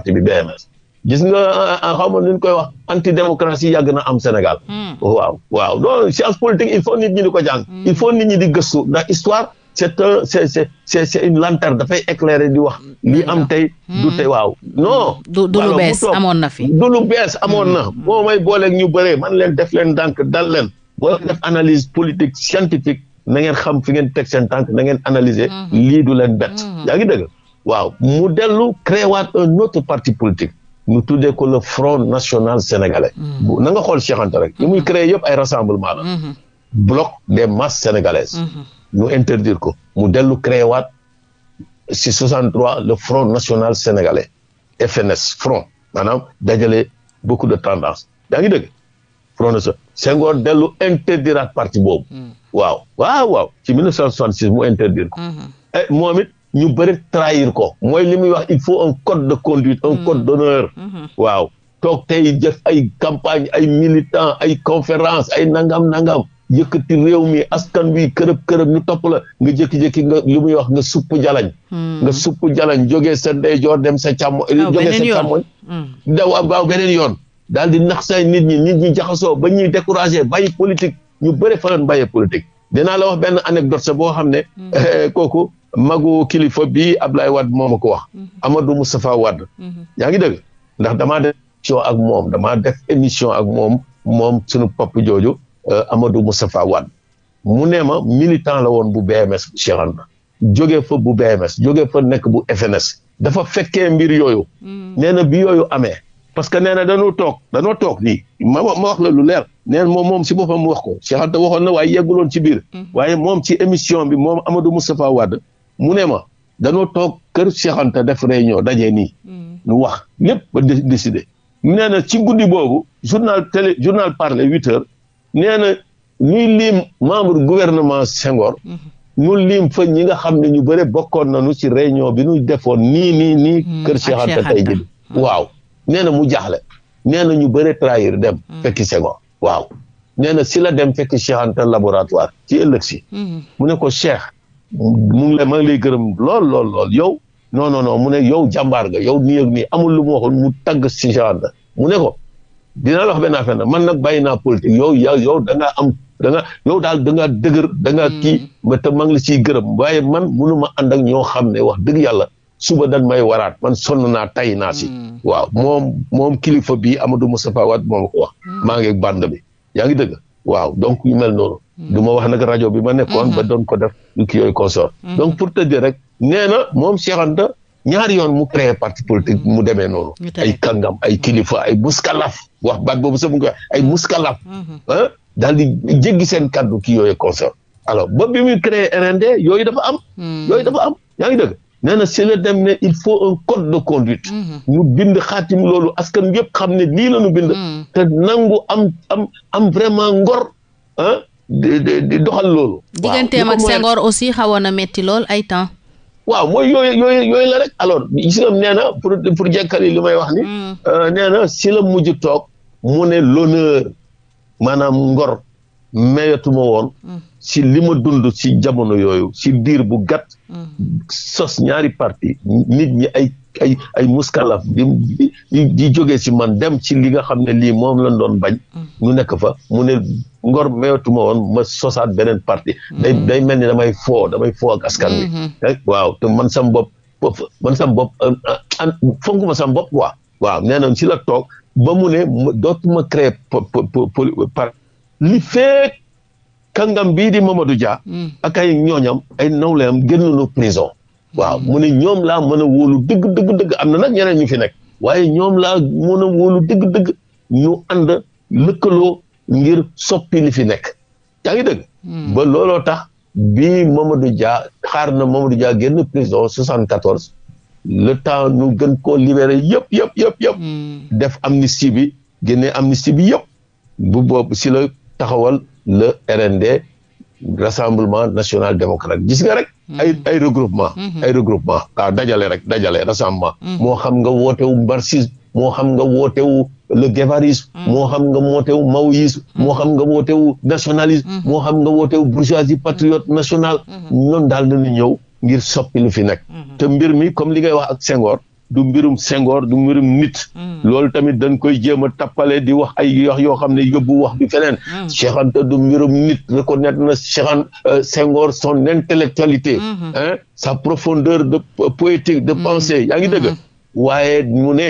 BMS. gis nga euh, euh, xaw ma nu ñu koy wax antidémocratie yàgg na am Sénégal. Hmm. waaw waaw donc science politique il faut nit ñi di ko jàng. Hmm. il faut nit ñi di gëstu ndax histoire c'est un c'est c'est une lanterne dafay éclairer di wax. Hmm. li am tey du tey waaw. non du du lu bees amoon na fi. du lu amoon na. moo may booleeg ñu bëree man leen def leen ndànk dal leen. boo def analyse politique scientifique. nangeen ngeen xam fi ngeen teg seen tànk na ngeen analyser mhm. lii du leen bett mhm. yaa ngi dëgg waaw mu dellu créé waat un autre parti politique ñu tuddee ko le front national sénégalais mhm. bu na nga xool Cheikh Anta rek li muy créé yëpp ay rassemblement la des masses sénégalaises ñu interdire ko mu dellu créé waat si 63 le front national sénégalais FNS front maanaam dajale beaucoup de tendance yaa dëgg PRONASA Senghor dellu interdiraat parti boobu. Hmm. waaw waaw waaw ci 1966 mu interdire ko. Hmm. Eh, moom it ñu bëri trahir ko mooy li muy wax il faut un code de conduite un hmm. code d'honneur waaw toog tey def ay campagne ay militant ay conférence ay nangam nangam yëkkati réew mi askan bi kërëb kërëb ñu topp la nga jékki-jékki nga li muy wax nga suppu jalañ nga supp jalañ jógee sa ndeyjoor dem sa càmmoñ jógee sa càmmoñ daw beneen yoon daal di nax say nit ñi nit ñi jaxasoo ba ñuy découragé bàyyi politique ñu bëre fa doon bàyyee politique dinaa la wax benn anecdote sa boo xam ne mm. eh, kooku magu kilifa bi Ablaye Wade moo ma ko wax mm-hmm. amadu Moustapha Wade mm-hmm. yaa ngi dëgg ndax dama def émission ak moom damaa def émission ak moom moom suñu pap jooju eh, amadu Moustapha Wade mu ne ma militant la woon bu BMS Cheikh Anta jóge fa bu BMS jóge fa nekk bu FNS dafa fekkee mbir yooyu mm. nee bi yooyu amee parce que nee na dañoo toog dañoo toog nii ma ma wax la lu leer neen moom moom si boppam wax ko Cheikh waxoon na waaye yegguloon ci biir. Mm-hmm. waaye moom ci émission bi moom Amadou Moustapha Wade mu ne ma danoo toog kër Cheikh Anta def réunion daje nii. ñu mm-hmm. wax lépp ba décider. nee na ci guddi boobu journal télé journal parlé huit nee na liim membre gouvernement Senghor. ñu mm-hmm. lim fa ñi nga xam ne ñu bëre bokkoon na nañu ci réunion bi ñu defoon nii nii nii. kër Cheikh Anta tey nee na mu jaaxle nee na ñu bëre trahir dem. Hmm. fekki Senghor waaw nee na si la dem fekki Cheikh Anta laboratoire ci ëllëg si. Hmm. mu ne ko Cheikh mu ngi lay ma ngi lay gërëm lool lool lool yow. non non non mu ne yow jàmbaar nga yow nii ak nii lu mu waxoon mu tagg si Cheikh Anta ko dina la wax benn affaire man nag bàyyi naa politique yow yow yow am da nga yow da ngaa dëgër da ngaa hmm. kii ba te la ciy gërëm waaye man mënu ma ànd ak ñoo xam ne wax dëgg yàlla. suba dañ may waraat man sonn naa tay naa si. Hmm. waaw moom moom kilifa bii Amadou Moustapha Wade moom ko wax. Hmm. maa ngi band bi yaa ngi dëgg. waaw donc yu mel noonu. Hmm. du ma wax nag rajo bi ma nekkoon. ba doon ko def kii yooyu consort donc pour te dire rek nee moom Cheikh Anta yoon mu créé parti politique mu demee noonu. ay kàngam ay kilifa ay muskalaf wax baat boobu sax mu ngi wax ay muskalaf. ah di jéggi seen kaddu kii yooyu consort alors ba bi muy créé RND yooyu dafa am. nee na si dem ne il faut un code de conduite. Mm-hmm. ñu bind xaatim loolu askan yëpp xam ne lii la bind. Mm. te nangu am am am vraiment ngor di doxal loolu. digganteem ak Senghor aussi xawoon na metti lool ay temps. waaw mooy yooyu yooyu yooyu rek alors gis nga nee na pour pour jekkali li may wax ni mm. euh, nee na si mujj toog mu ne l'honneur maanaam ngor mayatuma woon mm. si li ma dund si jamono yooyu si diir bu gàtt. sos ñaari parti nit ñi ay ay ay muskalaf di di si man dem ci li nga xam ne lii moom lañ doon bañ. ñu nekk fa mu ne ngor meewatuma woon ma sosaat beneen parti. day mel ni damay foo damay foo ak askan wi. Mhm. Eh, waaw te man sam bopp man sam bopp euh, euh, fonk ma sam bopp si la toog ba mu ne dootuma créer po li feek kàngam bii di Mamadou Dia. Hmm. ak ay ñooñam ay nawleem génn nu prison. waaw mu ne ñoom laa mën a wóolu dëgg dëgg dëgg am na nag ñeneen ñu fi nekk. waaye ñoom laa mën a wóolu dëgg dëgg ñu ànd lëkkaloo ngir soppi li fi nekk. yaa ngi dëgg. Hmm. ba looloo tax bii Mamadou jaa xaar na Mamadou Dia génn prison 74. le temps ñu gën koo libéré yëpp yëpp yëpp yëpp. Hmm. def amnistie bi génne amnistie bi yëpp. bu boobu si la taxawal le RND rassemblement national démocrate gis nga rek. Hmm. ay ay regroupement. Hmm. ay regroupement waaw dajale rek dajale rassemblement. Hmm. moo xam nga woote wu marxisme moo xam nga woote wu le guévarisme. moo xam nga woote wu maoïsme. moo xam nga woote wu nationalisme. moo xam nga woote wu bourgeoisie patriote nationale. ñoom daal nañu ñëw ngir soppi lu fi nekk. te mbir mi comme li ngay wax ak Senghor. du mbirum Senghor du mbirum nit. Hmm. loolu tamit dañ koy jéem a tappale di wax ay wax yoo xam ne yóbbu wax bi feneen. Hmm. Cheikh Anta du mbirum nit reconnaître na Cheikh euh, Senghor son intellectualité. Hmm. hein sa profondeur de poétique de pensée yaa ngi dëgg. waaye mu ne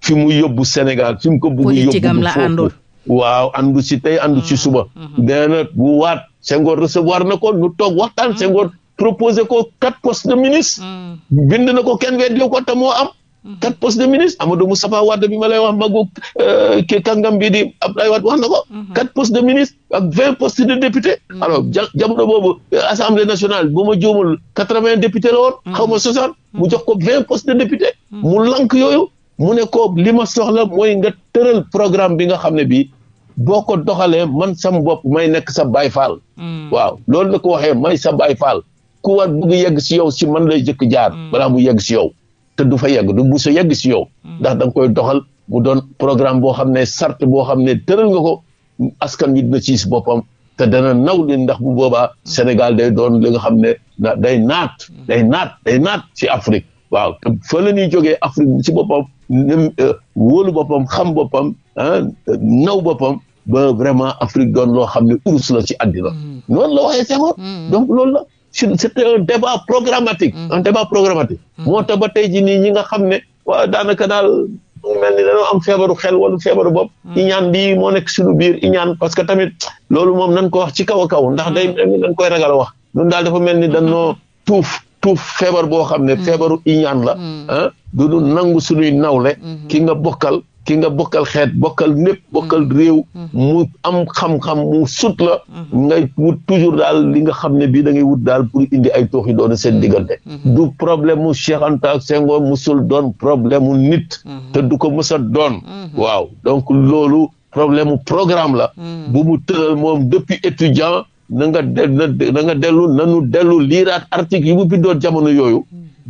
fi mu yóbbu Sénégal fi mu ko bëgg yóbbu. politique am la àndul waaw àndu si tey àndu si suba. nee na bu waat Senghor recevoir na ko nu toog waxtaan Senghor. proposé ko quatre postes de ministre. Mm. bind na ko kenn weddi ko te moo am. Mm. quatre postes de ministre Amadou Moustapha Wade bi ma lay wax magu euh, kii kàngam bii di Abdoulaye Wade wax na ko. Mm-hmm. quatre postes de ministre ak vingt postes de député. Mm. alors ja jamono boobu euh, assemblée nationale bu ma juumul quatre vingt député la woon. xaw ma soixante mu jox ko vingt postes de député. mu lank yooyu mu ne ko li ma soxla mooy nga tëral programme bi nga xam ne bii. boo ko doxalee man sam bopp may nekk sa baay faal. waaw loolu la ko waxee may sa baay ku war bëgg yegg si yow si man lay jëkk jaar mm. balaa mu yegg si yow te du fa yegg du bu sa yegg si yow mm. ndax da koy doxal mu doon programme boo xam ne sart boo xam ne tëral nga ko askan wi dina ci si boppam te dana naw li ndax bu boobaa mm. Sénégal day doon li xam ne day naat day naat day naat si Afrique waaw te fa la ñuy jógee Afrique si boppam euh, wóolu boppam xam boppam ah, naw boppam ba vraiment Afrique doon loo xam ne urus la ci àddina noonu la waxee Senghor donc loolu la c'était un débat programmatique mm. un débat programmatique mm. moo tax ba tey ji nii ñi nga xam ne waaw daanaka daal mel ni dañoo am feebaru xel wala feebaru bopp mm. ñaan bii moo nekk suñu biir ñaan parce que tamit loolu moom nañ ko wax ci kaw a kaw ndax de mel ni dañ koy ragal a wax ñun daal dafa mel ni dañoo tuuf tuuf feebar boo xam ne feebaru iñaan la ah du nangu suñuy nawle mm-hmm. ki nga bokkal ki nga bokkal xeet bokkal népp bokkal mm-hmm. réew mm-hmm. mu am xam-xam mu sut la mm-hmm. ngay wut toujours daal li nga xam ne bii da ngay wut daal pour indi ay toox yi doon seen diggante du problème mu Cheikh Anta ak Senghor musul doon problème mu nit te du ko mës doon waaw donc loolu problème mu programme la bu mu tëral moom depuis étudiant na nga nga dellu nanu dellu liiraat article yi mu bindoon jamono yooyu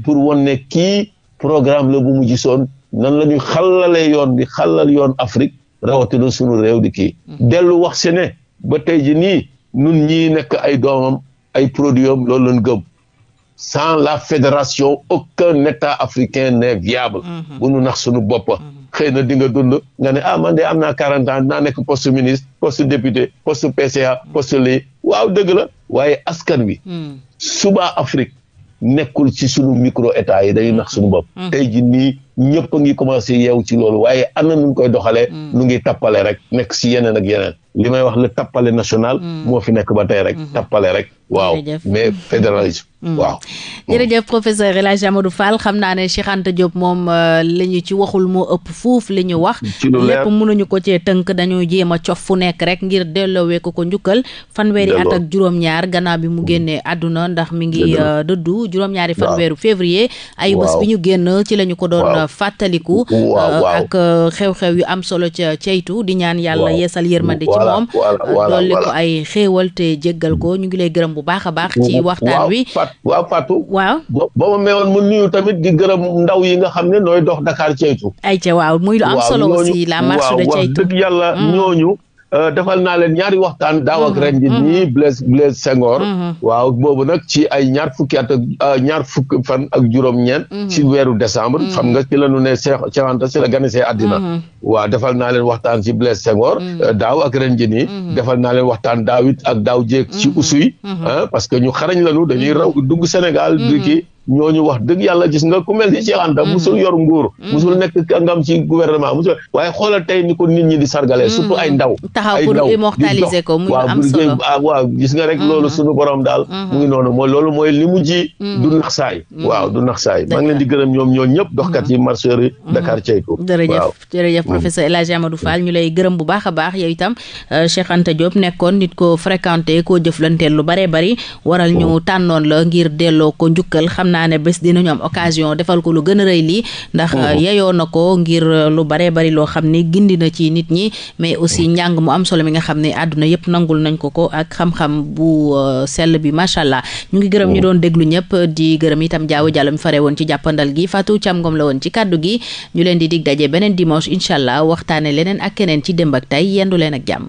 pour wan ne kii programme la bu mu gisoon nan la ñu xalalee yoon bi xalal yoon Afrique rawatina sunu réew di kii. Mm-hmm. dellu wax si ne ba tey ji nii nun ñii nekk ay doomam ay produit loolu lañ gëm sans la fédération aucun état africain n'est viable. Mm-hmm. bu nu nax sunu boppa mm-hmm. xëy na di nga dund nga ne ah man de am naa quarante ans dinaa nekk poste ministre poste député poste PCA poste lii waaw dëgg la waaye askan wi. Mm. suba Afrique nekkul ci sunu micro état yi dañuy nax sunu bopp. tey ji nii. ñëpp ngi commencé yeew ci loolu waaye am na nu koy doxalee. Mm. nu ngi tappale rek nekk si yeneen ak yeneen. li may wax le tappale national. Mm. moo fi nekk ba tey rek. Mm-hmm. tappale rek waaw. mais fédéralisme mm. waaw. jërëjëf professeur El Hadj Amadou xam naa ne Cheikh Anta Diop moom euh, li ñu ci waxul moo ëpp fuuf li ñu wax. ci lu lépp mënuñu ko cee tënk dañoo jéem a cof fu nekk rek ngir delloowee ko ko njukkal. fanweeri at ak juróom-ñaar gannaaw bi mu mm-hmm. génnee àdduna ndax mi ngi euh, dëddu juróom-ñaari fanweeru février. ay bés bi ñu génn ci lañu ko doon euh, fàttaliku. ak xew-xew yu am solo ca ceytu di ñaan yàlla yeesal yërmande moom euh, dolli ko ay xéewal te jéggal ko ñu ngi lay gërëm bu baax a baax ci waxtaan wi waaw Fatou waaw ba ma meewoon mu nuyu tamit di gërëm ndaw yi nga xam ne nooy dox Dakar ceytu ay ca waaw muy lu am solo aussi la marche de ceytu dëgg yàlla mm. ñooñu Euh, defal naa leen ñaari waxtaan daaw ak mhm. ren ji mhm. nii Blaise Blaise mhm. waaw boobu nag ci ay ñaar fukki at euh, ñaar fukk fan ak juróom-ñeent ci weeru décembre xam nga ci la ñu ne Cheikh Cheikh Anta si la ganesee àddina waaw defal naa leen waxtaan ci Blaise Senghor euh, daaw ak ren ji nii naa leen waxtaan daawit ak daaw jéeg ci usuy parce que ñu xarañ lañu dañuy raw Sénégal di ñooñu wax dëgg yàlla gis nga ku mel ni Cheikh Anta mm-hmm. musul yor nguur mm-hmm. musul nekk kàngam ci gouvernement musul waaye xoolal tey ni ko nit ñi di sargalee mm-hmm. surtout ay ndaw ay ndaw immortaliser ko muy am solo waaw waaw gis mu ngi noonu mooy loolu mooy li mu ji du nax saay waaw du nax saay maa ngi leen di gërëm ñoom ñoo ñëpp doxkat yi marcheurs yi Dakar ceytu jërëjëf jërëjëf professeur El Hadj Amadou Fall ñu lay gërëm bu baax a baax yow itam euh, Cheikh Anta Diop nekkoon nit ko fréquenté koo jëflanteel lu bare bari oh. la ngir delloo ko njukkal naa ne bés dinañu am occasion defal ko lu gën a rëy lii ndax euh, yeyoo na ko ngir euh, lu baree bari loo xam ne gindi na ci nit ñi mais aussi njàng mu am solo mi nga xam ne àdduna yëpp nangul nañ ko ko ak xam-xam bu euh, sell bi macha allah ñu ngi gërëm ñu doon déglu ñëpp di gërëm itam jaaw jàll mi fare woon ci jàppandal gi Fatou Thiam Ngom la woon ci kàddu gi ñu leen di dig daje beneen dimanche incha allah waxtaane leneen ak keneen ci démb ak tay yendu leen ak jàmm